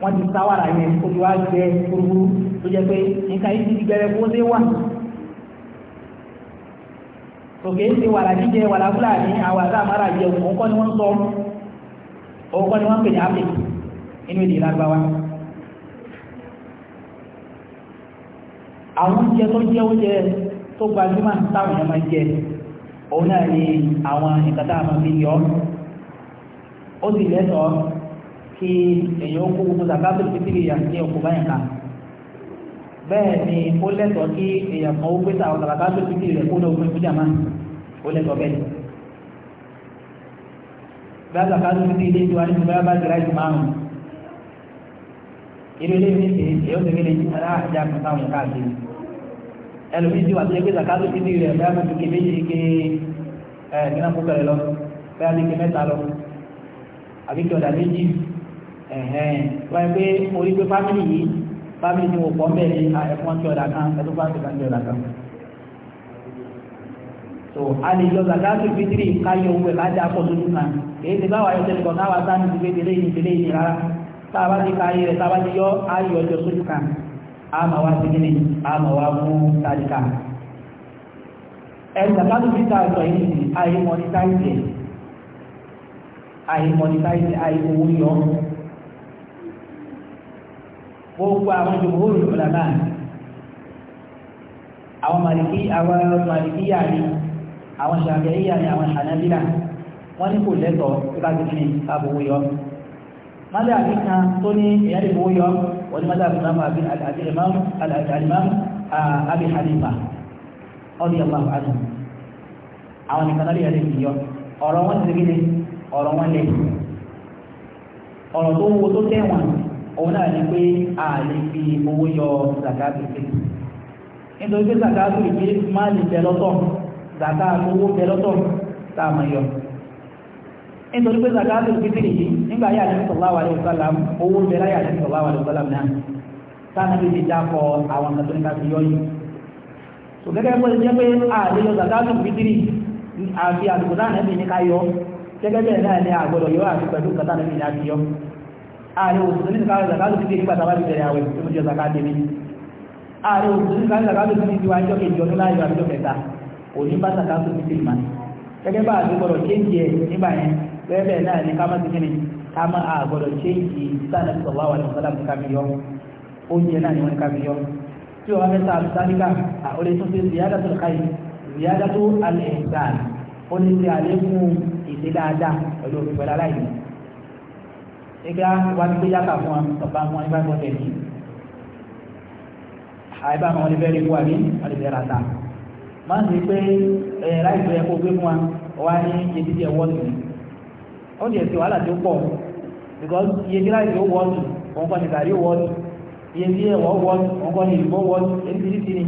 wọ́n ti sá wàrà yẹn ojú wa gbẹ kúrúkúrú tó jẹ́ pé nǹkan yìí ti di gbẹrẹ kó dé wà òkè ń ti wàrà jíjẹ wàrà fúlàní àwọn àti àmàrà jẹ òun kọ́ ni wọ́n sọ òun kọ́ ni wọ́n pè ní áfíríkì inú èdè lágbá wa. àwọn oúnjẹ tó jẹ́ oúnjẹ tó gbajúmọ̀ táwọn èèyàn máa jẹ òun náà ni àwọn nǹkan tá a máa fi yọ ó sì lẹ́tọ̀ọ́ kí èèyàn ó kó gbogbo sàkáàtò títí yà ní òkú báyìí ká bẹ́ẹ̀ ni ó lẹ́tọ̀ọ́ kí èèyàn kan ó gbé sàwọn sàkáàtò títí rẹ̀ kó ní ogun ìfúnjà máa ó lẹ́tọ̀ọ́ bẹ́ẹ̀ bí a sàkáàtò títí ilé ìjọba ní ìjọba bá ti ráìtì márùn-ún irú ilé ní ṣe èyí ó ti gbélé yìí ara àjà kan táwọn yẹn káàkiri ẹlòmíì ti wà tó yẹ pé zakato ti di rẹ bẹ́ẹ̀ kó ti méjì ké ẹ nínú kó bẹ̀rẹ̀ lọ bẹ́ẹ̀ ti ké mẹ́ta lọ àbí kí ọ̀dà méjì ẹ̀hẹ́n wáyé pé orí pé fámìlì yìí fámìlì ni wò pọ̀ mbẹ́ ni ẹ̀fọn tí ọ̀dà kan ẹ̀tọ́ fámìlì kan tí ọ̀dà kan so a lè yọ zakato fitiri káyọ owó ẹ̀ lájà pọ̀ tuntun kan èyí ti báwa yọ sẹ́ni kọ̀ọ̀kan wá sáà ní ti tàbá ti ka ayé rẹ̀ tàbá ti yọ ayé ọjọ́ sójú kan àmà wá sí gíní àmà wá fún tàdíkà ẹ̀sà látò fi ta ọ̀tọ̀ yìí sí ayé mọ́nítàìsì ayé mọ́nítàìsì ayé owó yọ gbogbo àwọn ìjọba òòrùn ìpìlẹ̀ náà àwọn màlìkí àwọn màlìkí yà ni àwọn ṣàbẹ̀yà ni àwọn ṣànàbílà wọ́n ní kò lẹ́tọ̀ọ́ tó bá ماذا عندنا توني يعني هو يوم ولماذا الإمام أبي الإمام الإمام أبي حنيفة رضي الله عنه àwọn nìkan lórí ẹ̀rẹ́ ìyọ ọ̀rọ̀ wọn ti gíní ọ̀rọ̀ wọn lè ọ̀rọ̀ tó a lè fi owó yọ zakatu nítorí pé zakaatu fitiri yìí nígbà yà ní sallallahu alaihi wasallam owó bẹ̀rẹ̀ yà ní sallallahu alaihi wasallam náà sáà níbi ti dákọ̀ àwọn kàtóníkà ti yọ yìí tó gẹ́gẹ́ bó ti jẹ́ pé àlejò zakaatu fitiri àfi àdùkù náà nẹ́bí ní ká yọ gẹ́gẹ́ bẹ́ẹ̀ náà ní àgbọ̀dọ̀ yọ àti pẹ̀lú kàtà nẹ́bí ní àti yọ ààrẹ òṣìṣẹ́ nígbà tábà fitiri nígbà yẹn bẹ́ẹ̀ náà ni ká má ti kíni ká má a gbọ́dọ̀ ṣe ìdí sáà ní sọ̀wá wà ní sọ́lá ká fi yọ oúnjẹ náà ni wọ́n ká fi yọ tí o bá fẹ́ sáà sáríkà ó lè tún ṣe ziyada tó káyì ziyada tó alẹ́ ìgbàan ó lè ṣe àlékún ìṣe dáadáa pẹ̀lú òfin pẹ̀lú aláìní. ẹgbẹ́ wa ti gbé yàtọ̀ fún wa bàbá wọn ibà wọn tẹ̀lé àìbá wọn lè bẹ́ẹ̀rẹ̀ fún wa ní wọn fún wa wá ní ibi tí ó ní ẹ̀sìn wàhálà tí ó pọ̀ because iye tí láì tó wọ́ọ̀tù òun kọ́ ni gàrí wọ́ọ̀tù iye tí ẹ̀wọ̀ wọ́ọ̀tù òun kọ́ ni ìbò wọ́ọ̀tù èyí ti rí sí ni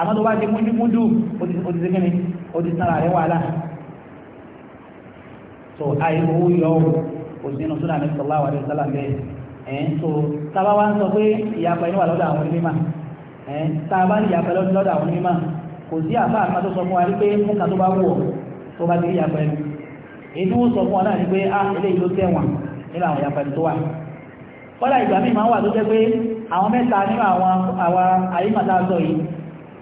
àmọ́ tó bá ti múdúmúdú ó ti sẹ́kẹ́ ni ó ti sára rẹ̀ so àyè owó yọ ò sínú súnà ní sọlá wà ní sọlá bẹ́ẹ̀ ẹ̀ so tábà wá ń sọ pé ìyapa inú wà lọ́dọ̀ àwọn onímọ̀ ẹ̀ tábà ní ìyapa lọ́dọ̀ àwọn onímọ̀ kò sí àbá àkàtó sọ fún wa rí pé fún kàtó bá wù ọ́ tó bá ti rí ìyapa ẹni èyí wọ́n sọ fún wọn náà ni pé á ah, ilé ìlú tẹ́wọ̀n nínú àwọn ìyàpẹ̀lú tó wà kọ́lá ìgbà míì máa wà tó jẹ́ pé àwọn mẹ́ta nínú àwọn àwọn àyíkàtà sọ yìí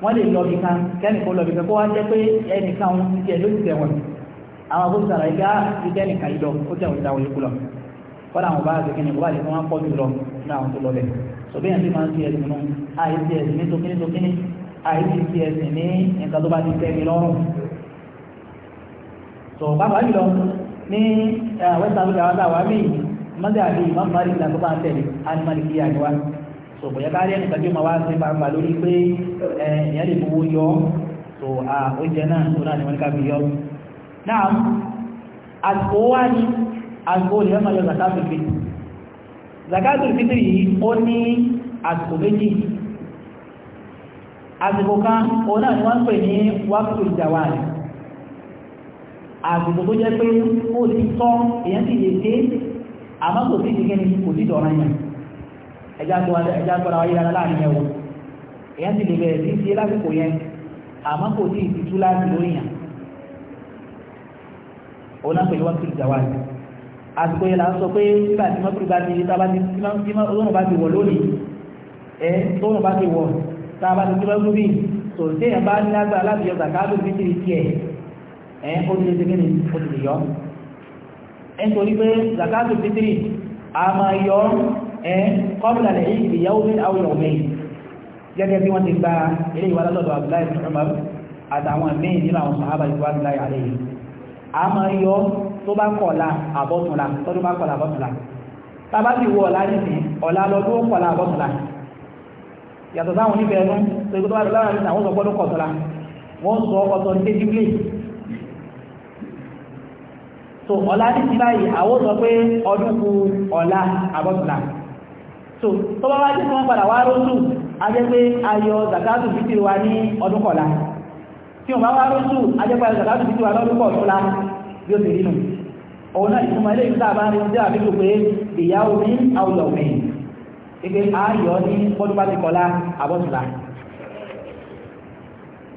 wọ́n lè lọ bìkan kẹ́nìkan lọ bìkan kó wá jẹ́ pé ẹnìkan òun ti tiẹ̀ ló ti tẹ̀wọ̀n àwọn agbóhùn sàrà ìgbà ti tẹ́nìkà yìí lọ ó tẹ̀wọ̀n ìdáwọ̀ yìí kú lọ kọ́lá àwọn bá àgbẹ̀kẹ́ ni kó bá lè fọ́n wá pọ̀ jù lọ nínú àwọn tó lọ bẹ̀ sọ̀bí yẹn ti máa ń ti ẹ̀sìn nù àìsí ẹ̀sìn ní tokíní tokíní àìsí ẹ̀sìn ní nǹkan tó bàbá jùlọ ní eh, west africa wà táwa mí mọ́tẹ́ àbí ìmọ̀mù mari ìlànà tó bá ń tẹ̀lé animal kí àgbà tó bóyá kárí ẹnì kan tí mo wá sí pàmpà lórí pé ẹ̀yẹ́ eh, lè fowó yọ tó oúnjẹ náà tó náà ní wọn ká fi yọ. náà àsìkò wá ní àsìkò lè fẹ́ máa yọ zakatul fitri zakatul fitri yìí ni wọ́n ń pè àgbègbè tó jẹ́ pé ó ti tọ́ èyàn sì lè dé àmọ́ kò sí ìdíkẹ́ni kò sí ìdọ̀rọ̀ yẹn ẹjá tọ́ra wáyé rárá láàrin ẹwọ èyàn sì lè bẹ̀rẹ̀ sí ṣe lásìkò yẹn àmọ́ kò sí ìtìtú láti lórí yàn òun náà pẹ̀lú wákìlì jàwáàdì àsìkò yẹn là ń sọ pé nígbà tí mọ́tò bá ti tá a bá ti tí mọ́tò bá ti wọ̀ lónìí ẹ tóun bá ti wọ̀ tá a bá ti tí bí tòun téèyàn bá ní lágbára láti yọ ẹ̀ ó ti lè ṣe kíni ó ti lè yọ nítorí pé zakato fitiri a máa yọ ẹ̀ kọ́bùlà lè yí ìyàwó mi àwọn ìyàwó mi gẹ́gẹ́ bí wọ́n ti gba ilé ìwà lọ́dọ̀ Abdullahi ibn Umar àtàwọn míì nínú àwọn sàhábà ìwà Abdullahi alayhi a máa yọ tó bá kọ̀ọ̀la àbọ̀túnla tọ́dún bá kọ̀ọ̀la àbọ̀túnla tàbá sì wọ ọ̀la nìsín ọ̀la lọ́dún ó kọ̀ọ̀la àbọ̀túnla yàtọ̀ sáwọn onífẹ̀ẹ́nu tó ikú tó bá lọ́wọ́ àwọn sọ̀pọ̀ ló kọ̀tọ̀la wọ́n sọ ọ̀tọ̀ ní déjúlé so ọ̀la ní ti báyìí àwọ́ sọ pé ọdún kù ọ̀la àbọ̀tùlà so tó bá wá jẹ́ tí wọ́n padà wá rótù a jẹ́ pé ayọ̀ zakatu fitiri wa ní ọdún kọ̀la tí wọ́n bá wá rótù a jẹ́ pé ayọ̀ zakatu fitiri wa lọ́dún kọ̀tùlà bí ó ti rí nù òun náà ìtumọ̀ ilé ìta bá rí jẹ́ àbíkò pé ìyàwó ní àwùlọ̀ òmìn ìpé ayọ̀ ní bọ́dúbá ti kọ̀la àbọ̀tùlà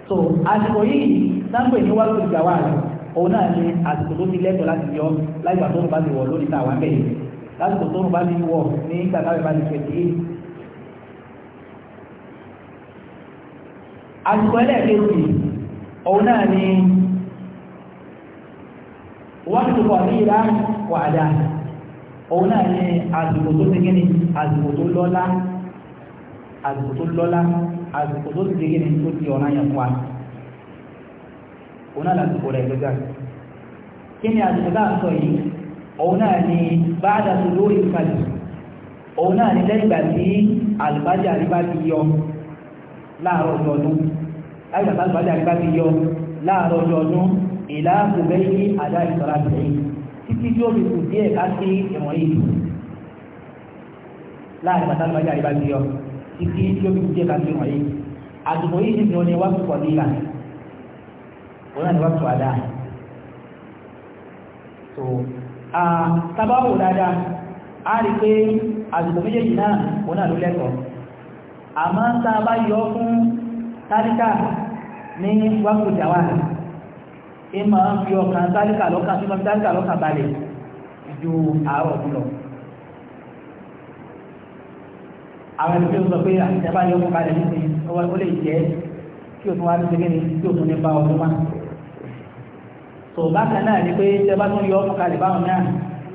so àsìkò yìí sáńpẹ̀ ní wákùn ìgbà wà rẹ̀ òun náà ni àsìkò tó ti lẹ́tọ̀ọ́ láti yọ láìgbà tó ń bá ti wọ̀ lórí tàwa bẹ́ẹ̀ lásìkò tó ń bá ti wọ̀ ní ìgbà táwọn bá ti fẹ̀tì yìí. àsìkò ẹlẹ́ẹ̀kejì òun náà ni wọ́n ti pọ̀ ní ìlà wàdà òun náà ni àsìkò tó ti gíní àsìkò tó lọ́lá àsìkò tó lọ́lá àsìkò tó ti gíní tó ti ọ̀ràn yẹn fún wa òun náà láti kóra ẹgbẹ́ gáà kí ni àti ẹgbẹ́ àtọ yìí òun náà ni báàdà tó lórí ìkàlẹ̀ òun náà ni lẹ́yìn ìgbà tí àlùbájá àríwá ti yọ láàárọ̀ ọjọ́ ọdún àìgbà tí àlùbájá àríwá ti yọ láàárọ̀ ọjọ́ ọdún ìlà àkùbẹ́ yìí àdá ìsọ̀rọ̀ àtẹ̀yìn títí tí ó fi kù wọn náà ní wọn tó àdá tó tábàwò dáadáa a rí pé àsìkò méjèèjì náà wọn náà ló lẹ́kọ̀ọ́ àmọ́ tá a bá yọ fún tálíkà ní wákùtà wà ìmọ̀ fi ọkàn tálíkà lọ́kàn fi mọ́bí tálíkà lọ́kàn balẹ̀ ju àárọ̀ fún lọ àwọn ẹni tí ó sọ pé àti ẹbá yọ fún balẹ̀ nípa ó lè jẹ́ kí o tún wá ní ṣe ni tí o tún ní bá ọdún máa tó bákan náà ni pé tẹ bá tún yọ ọkùn kalẹ̀ báwọn náà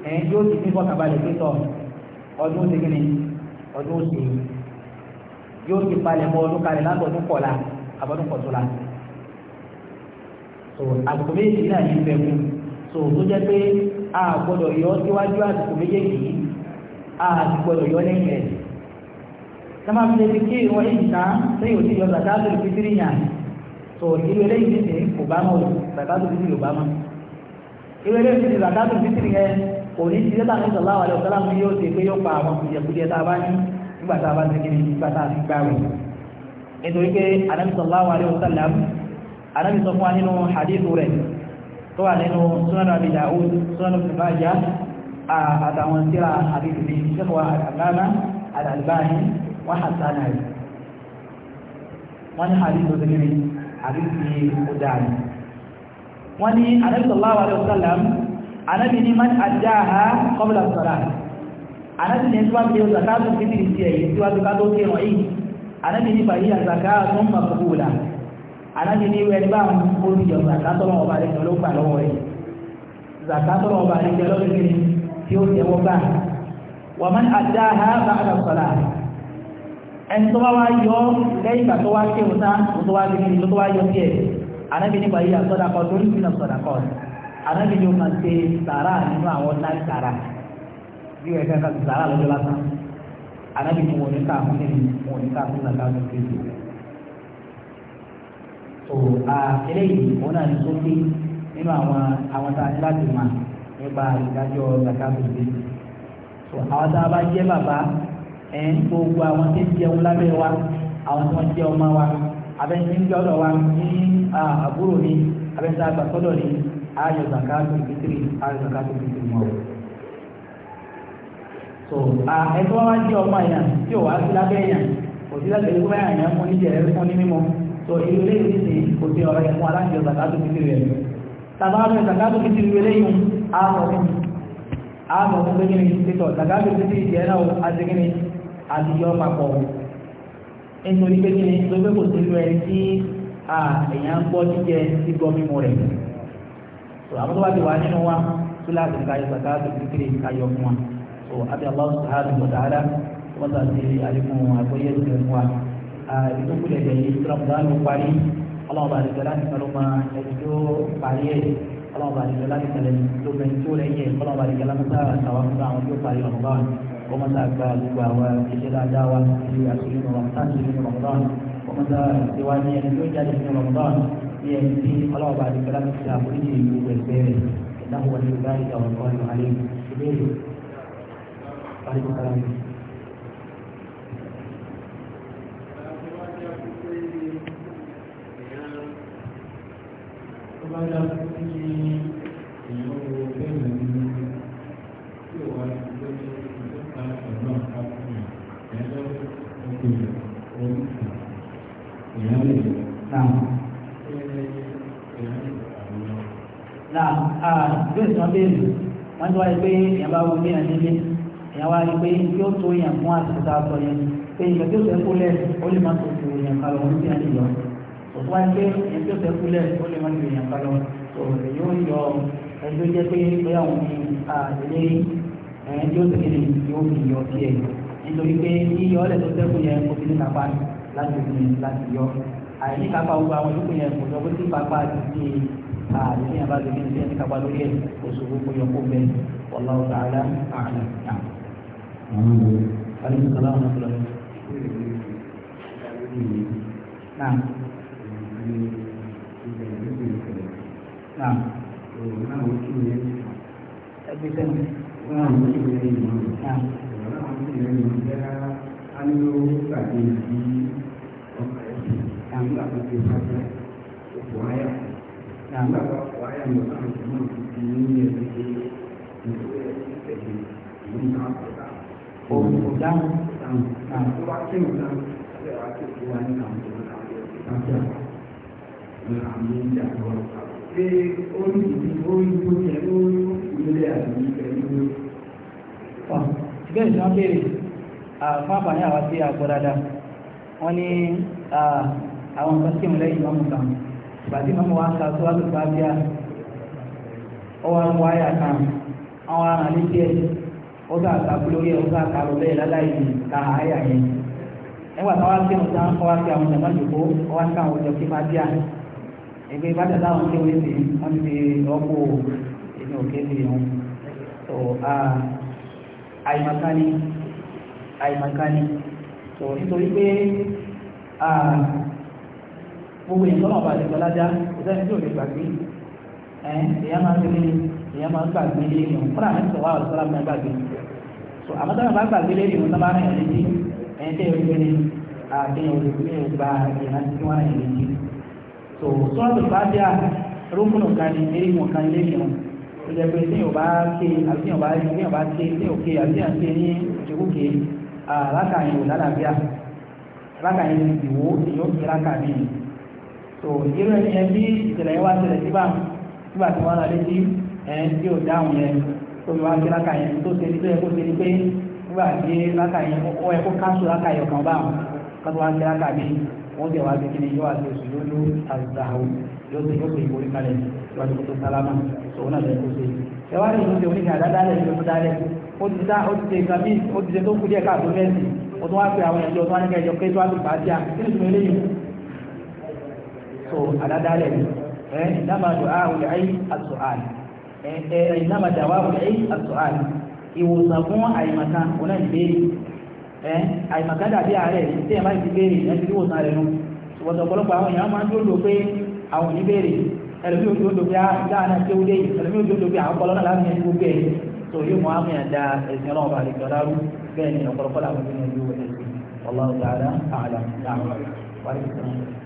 ẹ̀yìn tí ó ti ní fọkànbalẹ̀ pé tọ ọdún ó ti gbìn ọdún ó ti yóò ti palẹ̀ mọ́ ọdún kalẹ̀ látọ̀dún kọ̀la àbọ̀dún kọ̀tùla tó àsìkò méjèèjì náà ní ìfẹ́ mu tó tó jẹ́ pé a gbọ́dọ̀ yọ síwájú àsìkò méjèèjì a gbọ́dọ̀ yọ lẹ́yìn rẹ̀ sábà fi lè fi kí ìwọ̀n ìta sẹ́yìn òsì yọ tó irú eléyìí ní sìn kò bá mọ̀ zakatu fitiri ò bá mọ̀ irú eléyìí ní sìn zakatu fitiri yẹn kò ní ti dẹ́ta ní sọ̀lá wàlẹ̀ ọ̀sọ́lá mi yóò ṣe pé yóò pa àwọn kùjẹkùjẹ tá a bá ní nígbà tá a bá ti kiri nígbà tá a ti gbà wẹ̀ nítorí pé anabi sọ̀lá wàlẹ̀ ọ̀sọ́lá anabi sọ fún wa nínú hadithu rẹ̀ tó wà nínú sunan abi da'ud sunan ibn majah àtàwọn tíra hadithu bíi sẹ́kọ̀ọ́ al-albani wọ́n hàtánà rẹ̀ wọ́n ní àdìsí ó dáa ni wọ́n ní ànábì sallallahu alaihi wasallam ànábì ní man àdáhà qabla as-salah ànábì ní tíwá bí ó zakatu fitri sí ẹ̀yìn tíwá bí ká tó kí ẹ̀rọ yìí ànábì ní fàyí zakatu maqbula ànábì ní wẹ́n bá ń kó ìjọ zakatu lọ́wọ́ bá rẹ̀ ló gbà lọ́wọ́ ẹni tó bá wá yọ lẹ́yìn ìgbà tó wá ké òta tó wá gbé ní tó wá yọ sí ẹ̀ anábì nípa yíyà sọ́dakọ tó ní ìpínlẹ̀ sọ́dakọ anábì yóò máa ṣe sàrà nínú àwọn láì sàrà bí wọ́n ẹ̀ka ti sàrà lọ́jọ́ lásán anábì fún wọn ní káàkó níbi wọn ní káàkó nígbà káàkó níbi ìlú tó a eléyìí wọn náà ní sókè nínú àwọn àwọn tá a ní láti mọ̀ nípa ìdájọ́ zakato ìdí tó àwọn tá a bá jẹ́ bàbá ẹ̀ẹ́n gbogbo àwọn tí ń jẹun lábẹ́ wa àwọn tí wọ́n jẹ ọmọ wa abẹ́ni ń gbọ́dọ̀ wa ní àbúrò ni abẹ́ni tá a gbà sọ́dọ̀ ni ayọ̀ zakato fitiri ayọ̀ zakato fitiri mọ́ so ẹ̀tọ́ wa jẹ́ ọmọ yẹn tí ò wá sí lábẹ́ yẹn kò sí lábẹ́ ikú báyà yẹn fún níjẹ̀rẹ́ fún ní mímọ́ so irú eléyìí ní sìn kò sí ọ̀rọ̀ yẹn fún aláǹjọ zakato fitiri rẹ̀ tàbá rẹ̀ zakato fitiri rẹ̀ lẹ́yìn àmọ̀ fún àmọ̀ fún fitiri àtijọ́ papọ̀ nítorí pé kíni tó pé kò sínú ẹ tí èèyàn ń gbọ́ jíjẹ sí gbọ́ mímu rẹ̀ tó àwọn tó bá ti wà nínú wa tó láti ka yọ kàkà tó kékeré ká yọ fún wa tó àbí Allah subhanahu wa ta'ala wọ́n tà sí àlékún àgbóyè tó fún wa ibi tó kú lẹ́dẹ̀ yìí tó lọ́kùnrin ló parí ọlọ́run bá àdìgbẹ́ láti kan ló ẹni tó parí ẹ̀ ọlọ́run bá àdìgbẹ́ láti kan ló mẹ́ni tó lẹ́yìn ẹ̀ ọlọ́run bá àdìgbẹ́ láti kan ló máa ومن أكبر لبوا وإجل أداوة في أسلين رمضان سلين رمضان ومن ديواني أن يجعل في رمضان يأتي قلوا بعد كلام السلام ويجي بالبيت إنه ولي ذلك والله عليه إليه عليكم السلام Thank you. Náà. Náà bí ìsàn béèrè, wọ́n ti wáyé pé èèyàn bá wọlé ẹ̀ nílé, èèyàn wáyé pé yóò tó èèyàn fún àsìkò tá a sọ yẹn. Pé ìgbà tí ó fẹ́ kúlẹ̀, ó lè má tó tó èèyàn kalọ̀ wọ́n ti àyè lọ. Òtún wáyé pé ìgbà tí ó fẹ́ kúlẹ̀, ó lè má tó èèyàn kalọ̀. Òòrè yóò yọ ẹjọ́ jẹ́ pé bóyá òun ni àdélé ẹ̀yìn tí ó ti kéde yóò fi yọ sí ẹ̀. Nítorí pé yíyọ ọ̀lẹ̀ tó sẹ́kù yẹn kò fi ní àìní kápá gbogbo àwọn ìlú yẹn kò sọ pé tí pápá ti di àìní yẹn bá gbẹgbẹ ní ẹni kápá lórí ẹ kò sọ pé kò yọ kó bẹ wallahu ta'ala a'lam. aleykum salaam wa rahmatulah. naam. naam. ẹgbẹ́ sẹ́nu. naam. naam nígbà tó ti sáfẹ́ òkú ayà nígbà tó òkú ayà lọ sáà tó mọ̀ títí ní ẹ̀rí pé ìwé ẹ̀rí ìlú náà kọ̀ dá. òun kò dáhùn dáhùn dáhùn tó wá kí òun dáhùn lábẹ́ wá kí òun wá ní àwọn tó ń ta ọ̀rọ̀ ìtajà ní àwọn oúnjẹ àtọ̀ pé ó ní ìdí ó ní tó ní ẹ̀rí ó ní ìlú àti ìfẹ́ ìlú. bẹ́ẹ̀ ni wọ́n béèrè fún àǹfààní àwọn tí a gbọ́ dáadáa wọ́n ní àwọn nǹkan tí òun lẹ́yìn mọ́mú kan ìbàdí mọ́mú wa ka tó wá ló bá bíà ó wá mú wáyà kan àwọn aràn lé díẹ̀ ó bá ka lórí ẹ̀ ó bá ka lọ bẹ́ẹ̀ láláì ka àyà yẹn nígbà tí wọ́n á kírun tán wọ́n á fi àwọn jàmbá jòkó wọ́n á ká àwọn jọ kí máa bíà ìgbé ìbàdàn táwọn tí wọ́n ti wọ́n ti rọ́pò èmi ò kéde wọn tó àìmọ̀kánì àìmọ̀kánì tó nítorí pé gbogbo ìtọ́nà ọba àdìgbò lájá ìtẹ́ni tí ò lè gbàgbé ẹ̀ èèyàn máa ń gbé èèyàn máa ń gbàgbé léèyàn fúnra mi sọ̀rọ̀ àwọn ìsọ́lá mi gbàgbé so àmọ́ tó bá gbàgbé léèyàn tó bá rìn létí ẹ̀ tẹ́ ẹ̀ gbé ni àtẹ̀yìn olùgbé gba ìrántí tí wọ́n rìn létí so sọ́ọ̀tù bá dé à rúkúnù kan ní eré wọn kan léèyàn ó jẹ́ pé tí yóò bá ké àbí tí yóò bá ké tí yóò bá ké tí yóò ké àbí tí yóò ké ní ìjókòó rákà yìí ò tó irú ẹni yẹn bí ìṣẹ̀lẹ̀ yẹn wá ṣẹlẹ̀ síbà nígbà tí wọ́n rà létí ẹ̀ tí ò dáhùn yẹn tó fi wá sí láka yẹn tó ṣe ní tó yẹ kó ṣe ní pé nígbà tí láka yẹn ó yẹ kó káṣù láka yẹn kan bá wọn kó tó wá sí láka mi wọ́n tẹ̀ wá sí kí ni yóò wá sí oṣù yóò ló àzàwò yóò ṣe yóò ṣe ìborí kalẹ̀ yóò wá sí kótó sálámà òun náà lẹ́yìn kó ṣe ẹ wá ní ìlú ṣe oníkà dáadáalẹ̀ ìlú tó dáalẹ̀ ó ti dá ó ti ṣe nǹkan bí ó ti ṣe tó kú díẹ̀ káàtó mẹ́sì ó tún wá pé àwọn ẹ̀jọ́ tó wá ní kẹjọ pé tó wá sí pàṣẹ so àdádálẹ̀ ẹ nàmà dùn áhùn ẹ̀yí àtùhàn ẹ ẹ̀yí nàmà dùn áhùn ẹ̀yí àtùhàn ìwòsàn fún àyèmàkà òun náà ìbéèrè ẹ àyèmàkà dàbí ààrẹ tí ẹ máa ti béèrè ẹ ti wòsàn rẹ nù ṣùgbọ́n ọ̀pọ̀lọpọ̀ àwọn èèyàn máa ń dúró pé àwọn òní béèrè ẹlòmíì òjò òdò bíi dáadáa tí ó ah, dé yìí ẹlòmíì òjò òdò bíi àwọn ọpọlọ náà láti ẹni gbogbo ẹ̀ yóò mọ àwọn da ẹ̀sìn ọlọ́run bá lè bẹ́ẹ̀ ni ọ̀pọ̀lọpọ̀ làwọn ènìyàn yóò wọlé sí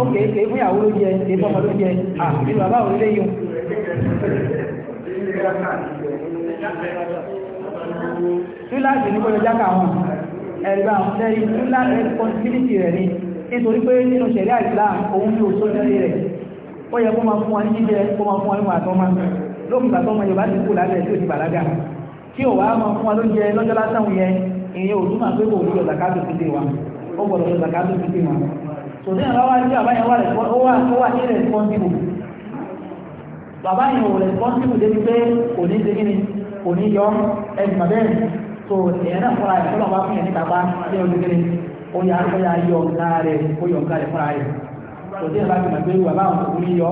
ó kéèké fún ìyàwó ló jẹ kéèké ọmọ ló jẹ àbí bàbá òun lé yìí. túláàsì ní kọjọ jáka wọn ẹ̀rìbá ọ̀sẹ̀rí túláàsì responsibility rẹ̀ ni nítorí pé nínú ṣẹ̀rí àìsílá òun ní òṣó jẹ́rí rẹ̀ ó yẹ kó máa fún wọn ní jíjẹ kó máa fún wọn níwọ̀n àtọ́mọ́ lókùn gbàtọ́ ọmọ Yorùbá ti kú lálẹ́ tí ò ti bàlágà kí ò wá máa fún wọn lóúnjẹ lọ́jọ́ lásán yẹn ìyẹn ò pé kò ní ọ̀zàkátò fi dé wa ó gbọ́dọ̀ ọ̀zàkátò fi dé wa kò sí ìrànlọ́wọ́ tí bàbá yẹn wà ní responsible bàbá yẹn ò responsible débi pé kò ní ṣe kíni kò ní yọ ẹgbẹ̀mọ̀ bẹ́ẹ̀ tó èèyàn náà fọ́ra ẹ̀ fọ́lọ́ bá fún yẹn ní kápá ní ọdún kíni ó yà ó yà yọ ọ̀gá rẹ̀ ó yọ ọ̀gá rẹ̀ fọ́ra rẹ̀ kò sí ìrànlọ́wọ́ tí bàbá yẹn bàbá àwọn kò ní yọ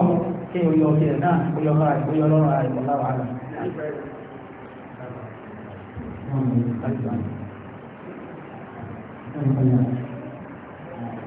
kí ó yọ ọ̀gá rẹ̀ náà ó yọ ọ̀gá rẹ̀ ó yọ ọlọ́run rẹ̀ kọ̀ láwàá rẹ̀. Thank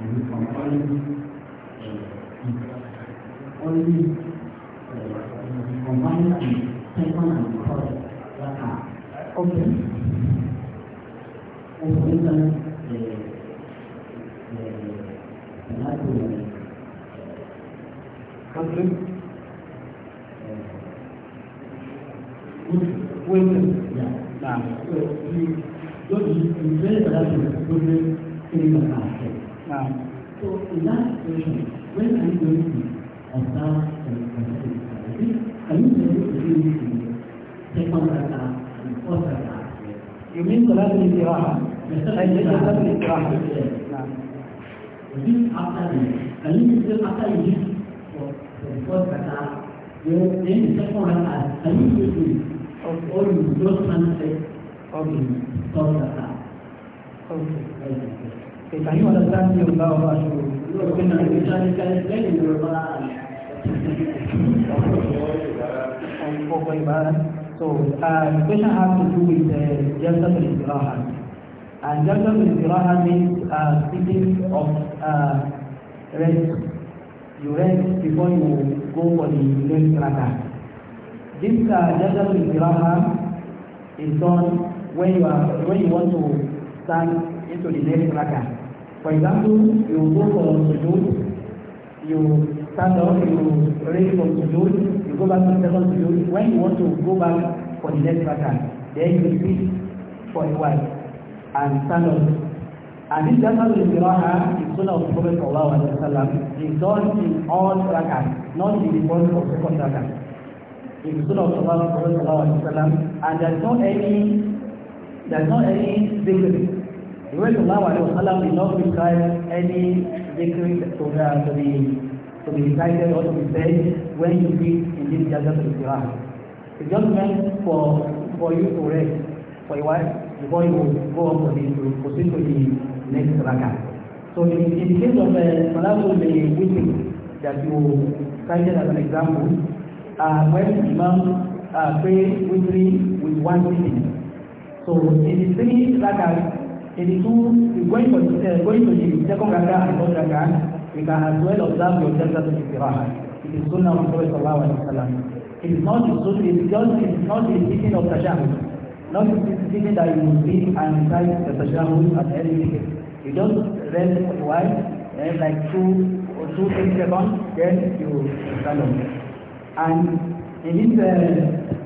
only combine and second and third that are open. And for instance, the the Latin country women, yeah, now so you don't you very Latin women in the past. So in that situation, when are you going to observe the Muslim Are you going to do the second rakah and fourth rakah? You mean the the last Yes. I Salat al-Istiraha? Salat Yes. istiraha This after the, can you still after you give for, for the first rakah, then the second rakah, can you still do it? Or you don't translate okay. fourth rakah? Okay. okay. So, uh, the question has to do with uh, Jalsa al-Istiraha. And Jalsa al-Istiraha means uh, of uh, rest. You rest before you go for the next rakah. This uh, Jalsa al-Istiraha is done when you, are, when you want to stand into the next rakah. For example, you go for sujood, you stand up, you ready for sujood, you go back to the second sujood. When you want to go back for the next pattern, then you repeat for a while and stand up. And this Jamal al-Qira'a is Sunnah of the Prophet Sallallahu Alaihi It's done in all rakat, not in the first or second rakat. It's Sunnah of the Prophet Sallallahu Alaihi And there's not any, there's not any secret The ìṣọ̀lá wà lóò sálà ní lọ́ọ̀fù ká ẹni dékiri tó dáa tó bí to be recited or to be said when you read in this judgment of the Quran. It's just meant for, for you to rest for a while before you go on to, the, to proceed to the next rakah. So in, in the case of uh, Salatul Witting that you cited as an example, uh, when Imam uh, prays weekly with one sitting, so in the three rakahs, it is too it's going to uh, going to the second rakah and third rakah, we can as well observe your Jalsat al-Istirahah. It is Sunnah of Prophet Sallallahu Alaihi Wasallam. It is not the Sunnah, it is just, it is not the teaching of Tashahud. Not the teaching that you must read and recite the Tashahud at every minute. You just read a while, then like two or two, three seconds, then you stand up. And in this uh,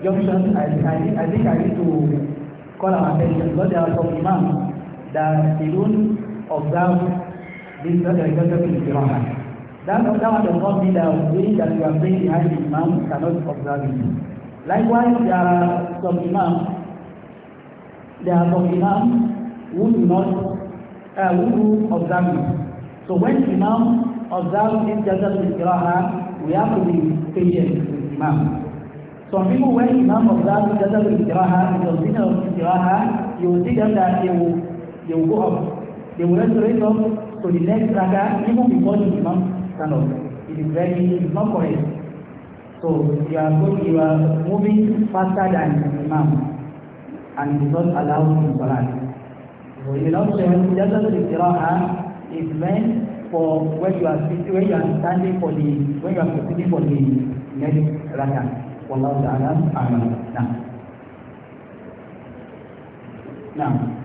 junction, I, I, I think I need to call our attention because there are some imams داخلون observe this regular Qur'an. That observer does not mean that we that we are praying behind the Imam cannot observe it. Likewise, there are some Imams, there are some Imams who do not, uh, who do observe it. So when Imam observe this regular Qur'an, we have to be patient with Imam. Some people, when Imam observe observes the Qur'an, the of Qur'an, you will see them that they will they will go up. They will also raise up to the next raka even before the Imam stand up. It is very, it is not correct. So you are going, you are moving faster than the Imam and it is not allowed in Salat. So in option, just as the Qira'a is meant for when you are when you are standing for the when you are proceeding for the next raka. Wallahu ta'ala a'lam. Now. Now.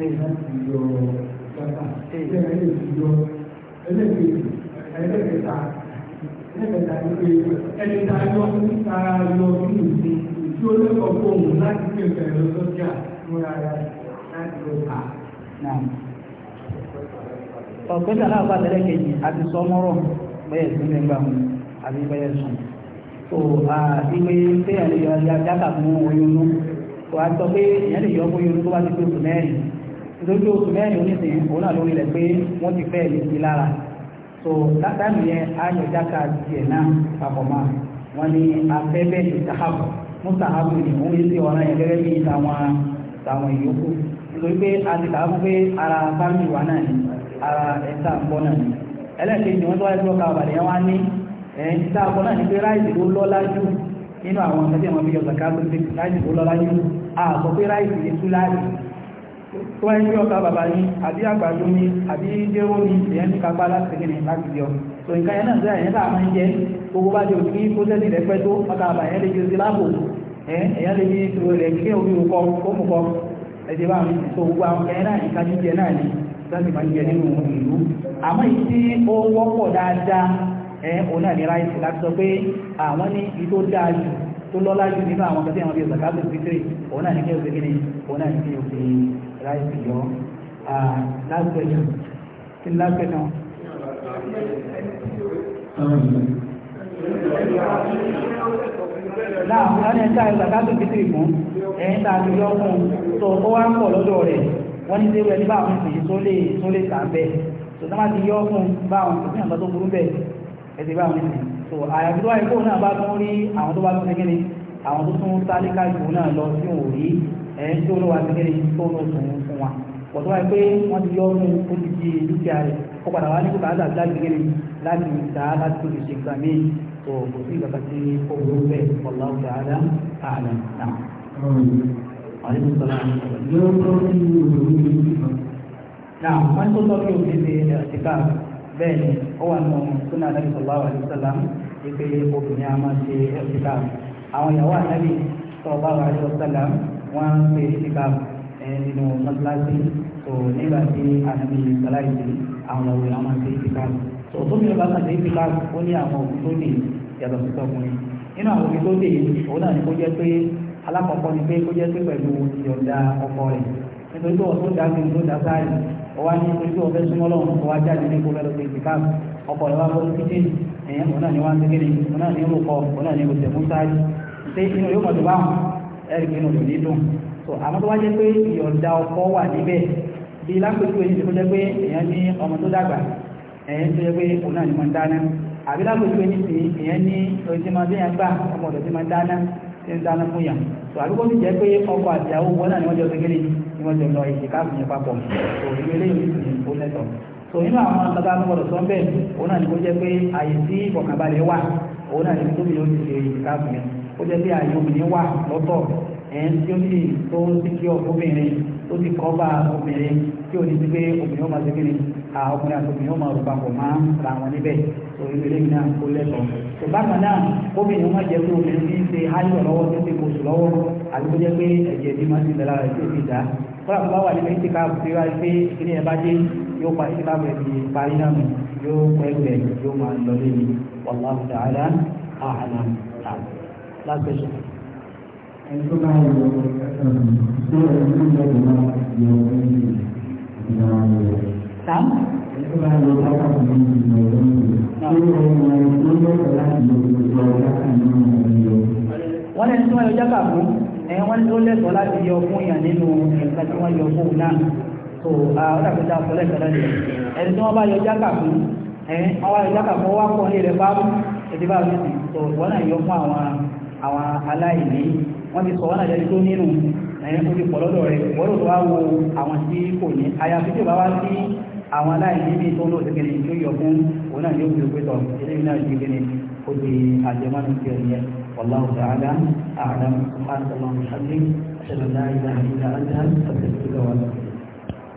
lẹ́yìn ọ̀pẹ́sẹ̀ náà bá tẹ́lẹ̀ kejì àti sọmọ́rọ̀ bẹ́ẹ̀ sí mẹ́gbà mu àbí bẹ́ẹ̀ sùn. tó a tẹ́yà lè yọ yàtà fún oyún nù. tó a pé ìyẹn lè yọ fún oyún tó bá ti tó sùn mẹ́rin nítorí oṣù mẹ́rin oníṣèyí òun náà lórí rẹ̀ pé wọ́n ti fẹ́ lè sí lára so látàmì yẹn ayọ̀dáka tiẹ̀ náà papọ̀ mọ́ wọn ni afẹ́fẹ́ ìtahabu mustahabu ni òun yìí sí ọ̀ràn yẹn gẹ́gẹ́ bí tàwọn tàwọn ìyókù nítorí pé a ti tàbí pé ara fámìlì wa náà ni ara ẹ̀ta àpọ̀ náà ni ẹlẹ́ẹ̀kejì ni wọ́n tó wáyé tó ọkà àbàlẹ̀ yẹn wá ní ẹ̀yìn tá a kọ́ náà ni pé ráìsì ló lọ́lá jù nínú àwọn ọ̀sẹ̀ tí wọ́n fi yọ tó wáyé pé ọ̀tá bàbá ni àbí àgbàdo ni àbí jẹ́wọ́ ni èèyàn ní kápá láti ṣe láti jọ tó nǹkan yẹn náà sí àyẹ̀yẹ́ náà máa ń jẹ gbogbo bá jẹ òkú pósẹ́sì rẹ̀ pẹ́ tó ọ̀tá bàbá yẹn lè jẹ sí láàbò èèyàn lè ní ìṣòro rẹ̀ kí omi òkọ kómù kọ ẹ̀jẹ̀ bá mi tó gbogbo àwọn kẹ́yìn náà nǹkan jíjẹ náà ni láti máa ń jẹ nínú ìlú àmọ́ ìdí ó wọ́pọ̀ dáadáa ẹ̀ òun náà ní ráìsì láti sọ pé àwọn ní ìtó dáa jù tó lọ́lá jù nínú àwọn kẹsí àwọn bíi ọ̀sàkà tó fi òun náà ní kí o kí ni òun náà ní kí o fi láìsí yọ lágbẹ̀nà kí lágbẹ̀nà. náà wọ́n ní sáà ìgbà káàkiri bítìrì fún ẹ̀yìn tá a ti yọ fún tó ó wá ń pọ̀ lọ́dọ̀ rẹ̀ wọ́n ní sẹ́wọ́ ẹni báwọn sì tó lè tó lè tà bẹ́ẹ̀ tó tó má ti yọ fún báwọn kò sí àgbà tó burú bẹ́ẹ̀ ẹ̀sìn báwọn sì tó àyàfi tó wáyé kóun náà bá tún rí àwọn tó bá tún ṣe kíni àwọn tó tún sálíkà ìgbò náà lọ sí òòrí ẹ̀ tí olówó àtẹ́kẹ́rẹ́ yìí tó ló sùn fún wa pọ̀tọ́ wáyé pé wọ́n ti yọ ọ́nù ó ti di dúkìá rẹ̀ ó padà wá ní kó kàá dàbí láti gẹ́gẹ́ láti dá láti tó lè ṣe gbà mí tó kò sí ìgbà tí ó wúlò bẹ́ẹ̀ ọ̀la ọ̀la àdá àlà náà. Náà wọ́n tó tọ́ kí o ti ṣe ẹ̀ẹ́dẹ́gbà bẹ́ẹ̀ ni ó wà nù súnà nàbì sallallahu alaihi wasallam wípé obìnrin a máa ṣe ẹ̀ẹ́dẹ́gbà àwọn ìyàwó àtàbí sallallahu alaihi wasallam wọ́n ń pè é síkà nínú mọ́tíláṣí tó nígbà tí ànábì sàláìsì àwọn òwe àwọn àti síkà tó tóbi ló bá kàn sí síkà ó ní àwọn òkú tó dé yàtọ̀ sí tọkùnrin nínú àwọn òkú tó dé òun náà ni kó jẹ́ pé alákọ̀ọ́kọ́ ni pé kó jẹ́ pé pẹ̀lú ìyọ̀ǹda ọkọ rẹ̀ nítorí pé ọ̀tún dàbí ìlú dàbáyé ọwá ní ojú ọ̀fẹ́ súnmọ́ lọ́wọ́ ọwá jáde ní gbogbo ẹlòmíì ti káàkiri ọkọ̀ ìwà bọ́ títí ẹ̀yẹn òun náà ni wọ́n ń gbé ní òun náà ni ó lò kọ́ òun náà ni ó tẹ̀ mú sáájú ṣé inú yóò mọ̀ tó báwọn ẹ̀rí pinnu rẹ̀ nídùn so àmọ́ tó wá jẹ́ pé ìyọ̀ǹda ọkọ wà níbẹ̀ bí lápẹ̀tù èyí tó jẹ́ pé èèyàn ní ọmọ tó dàgbà èèyàn tó jẹ́ pé òun náà ni máa ń dáná àbí lápẹ̀tù èyí sì èèyàn ní lóyún tí máa ń déyàn gbà ọmọ ọ̀dọ̀ tí máa ń dáná tí ń dáná fún yàn so àbí kó sì jẹ́ pé ọkọ àti àwọn òun náà ni wọ́n jọ gbẹgẹ́lẹ́ ni wọ́n jọ lọ ìṣèkáàfù yẹn papọ̀ so ìrẹ́lẹ́ yìí sì ń so nínú àwọn ọ̀sán tó gbọdọ̀ ni kó jẹ́ pé àyè sí ìfọ̀kànbalẹ̀ wà òun ni tóbi yóò ti ṣe ìkáàfù yẹn ó jẹ́ pé ààyè obìnrin wà lọ́tọ̀ ẹ̀ tí ó sì tó sì kí obìnrin tó sì kọ́ bá obìnrin tí ò ní sí pé obìnrin ó máa ṣe kí ni ọkùnrin àti obìnrin ó máa rò papọ̀ máa ń ra wọn níbẹ̀ tó ìwé lẹ́yìn náà kó lẹ́tọ̀ọ́. tó bákan náà obìnrin máa jẹ́ pé obìnrin ti ń ṣe ayọ̀ lọ́wọ́ tó ti kóṣù lọ́wọ́ àti kó jẹ́ pé ẹ̀jẹ̀ bí máa ti ń bẹ lára ìṣe òbí ìdá. kọ́lá tó bá wà nínú ìṣèkà àbùsí wa pé ilé ẹ̀ bá dé yóò pa ìṣèkà àbẹ̀ ti parí náà yóò pẹ́ lágbèjọ. ẹni tó bá yọ ọ ṣé ẹni tó yọ ọ máa yọ ọ ní ìlú ìlú rẹ. tá. ẹni tó bá yọ ọ lápá kan ní ìlú rẹ ṣé ẹni máa yọ ọ lọ́dọ̀ láti yọ ọ lápá kan ní ìlú rẹ. wọ́n yọ jákà fún ẹ̀yìn wọ́n ló lẹ́tọ̀ọ́ láti yọ fún yàn nínú ẹ̀ka tí wọ́n yọ fún náà tó ọ̀dàkùnjà fọlẹ́ ìkàdá ni ẹni tí wọ́n bá yọ jákà fún ẹ̀yìn àwọn aláìní wọ́n ti sọ wọ́n náà jẹ́ tó nínú ẹ̀yìn tó ti pọ̀ lọ́dọ̀ rẹ̀ wọ́rọ̀ tó wá wo àwọn tí kò ní àyàfi tí ò bá wá sí àwọn aláìní bí tó ń lò síkiri tí ó yọ fún òun náà yóò fi ó pé tọ̀ eléyìí náà yóò gbéni ó di àjẹmọ́nù tí ó yẹ والله تعالى أعلم سبحانك اللهم وبحمدك أشهد أن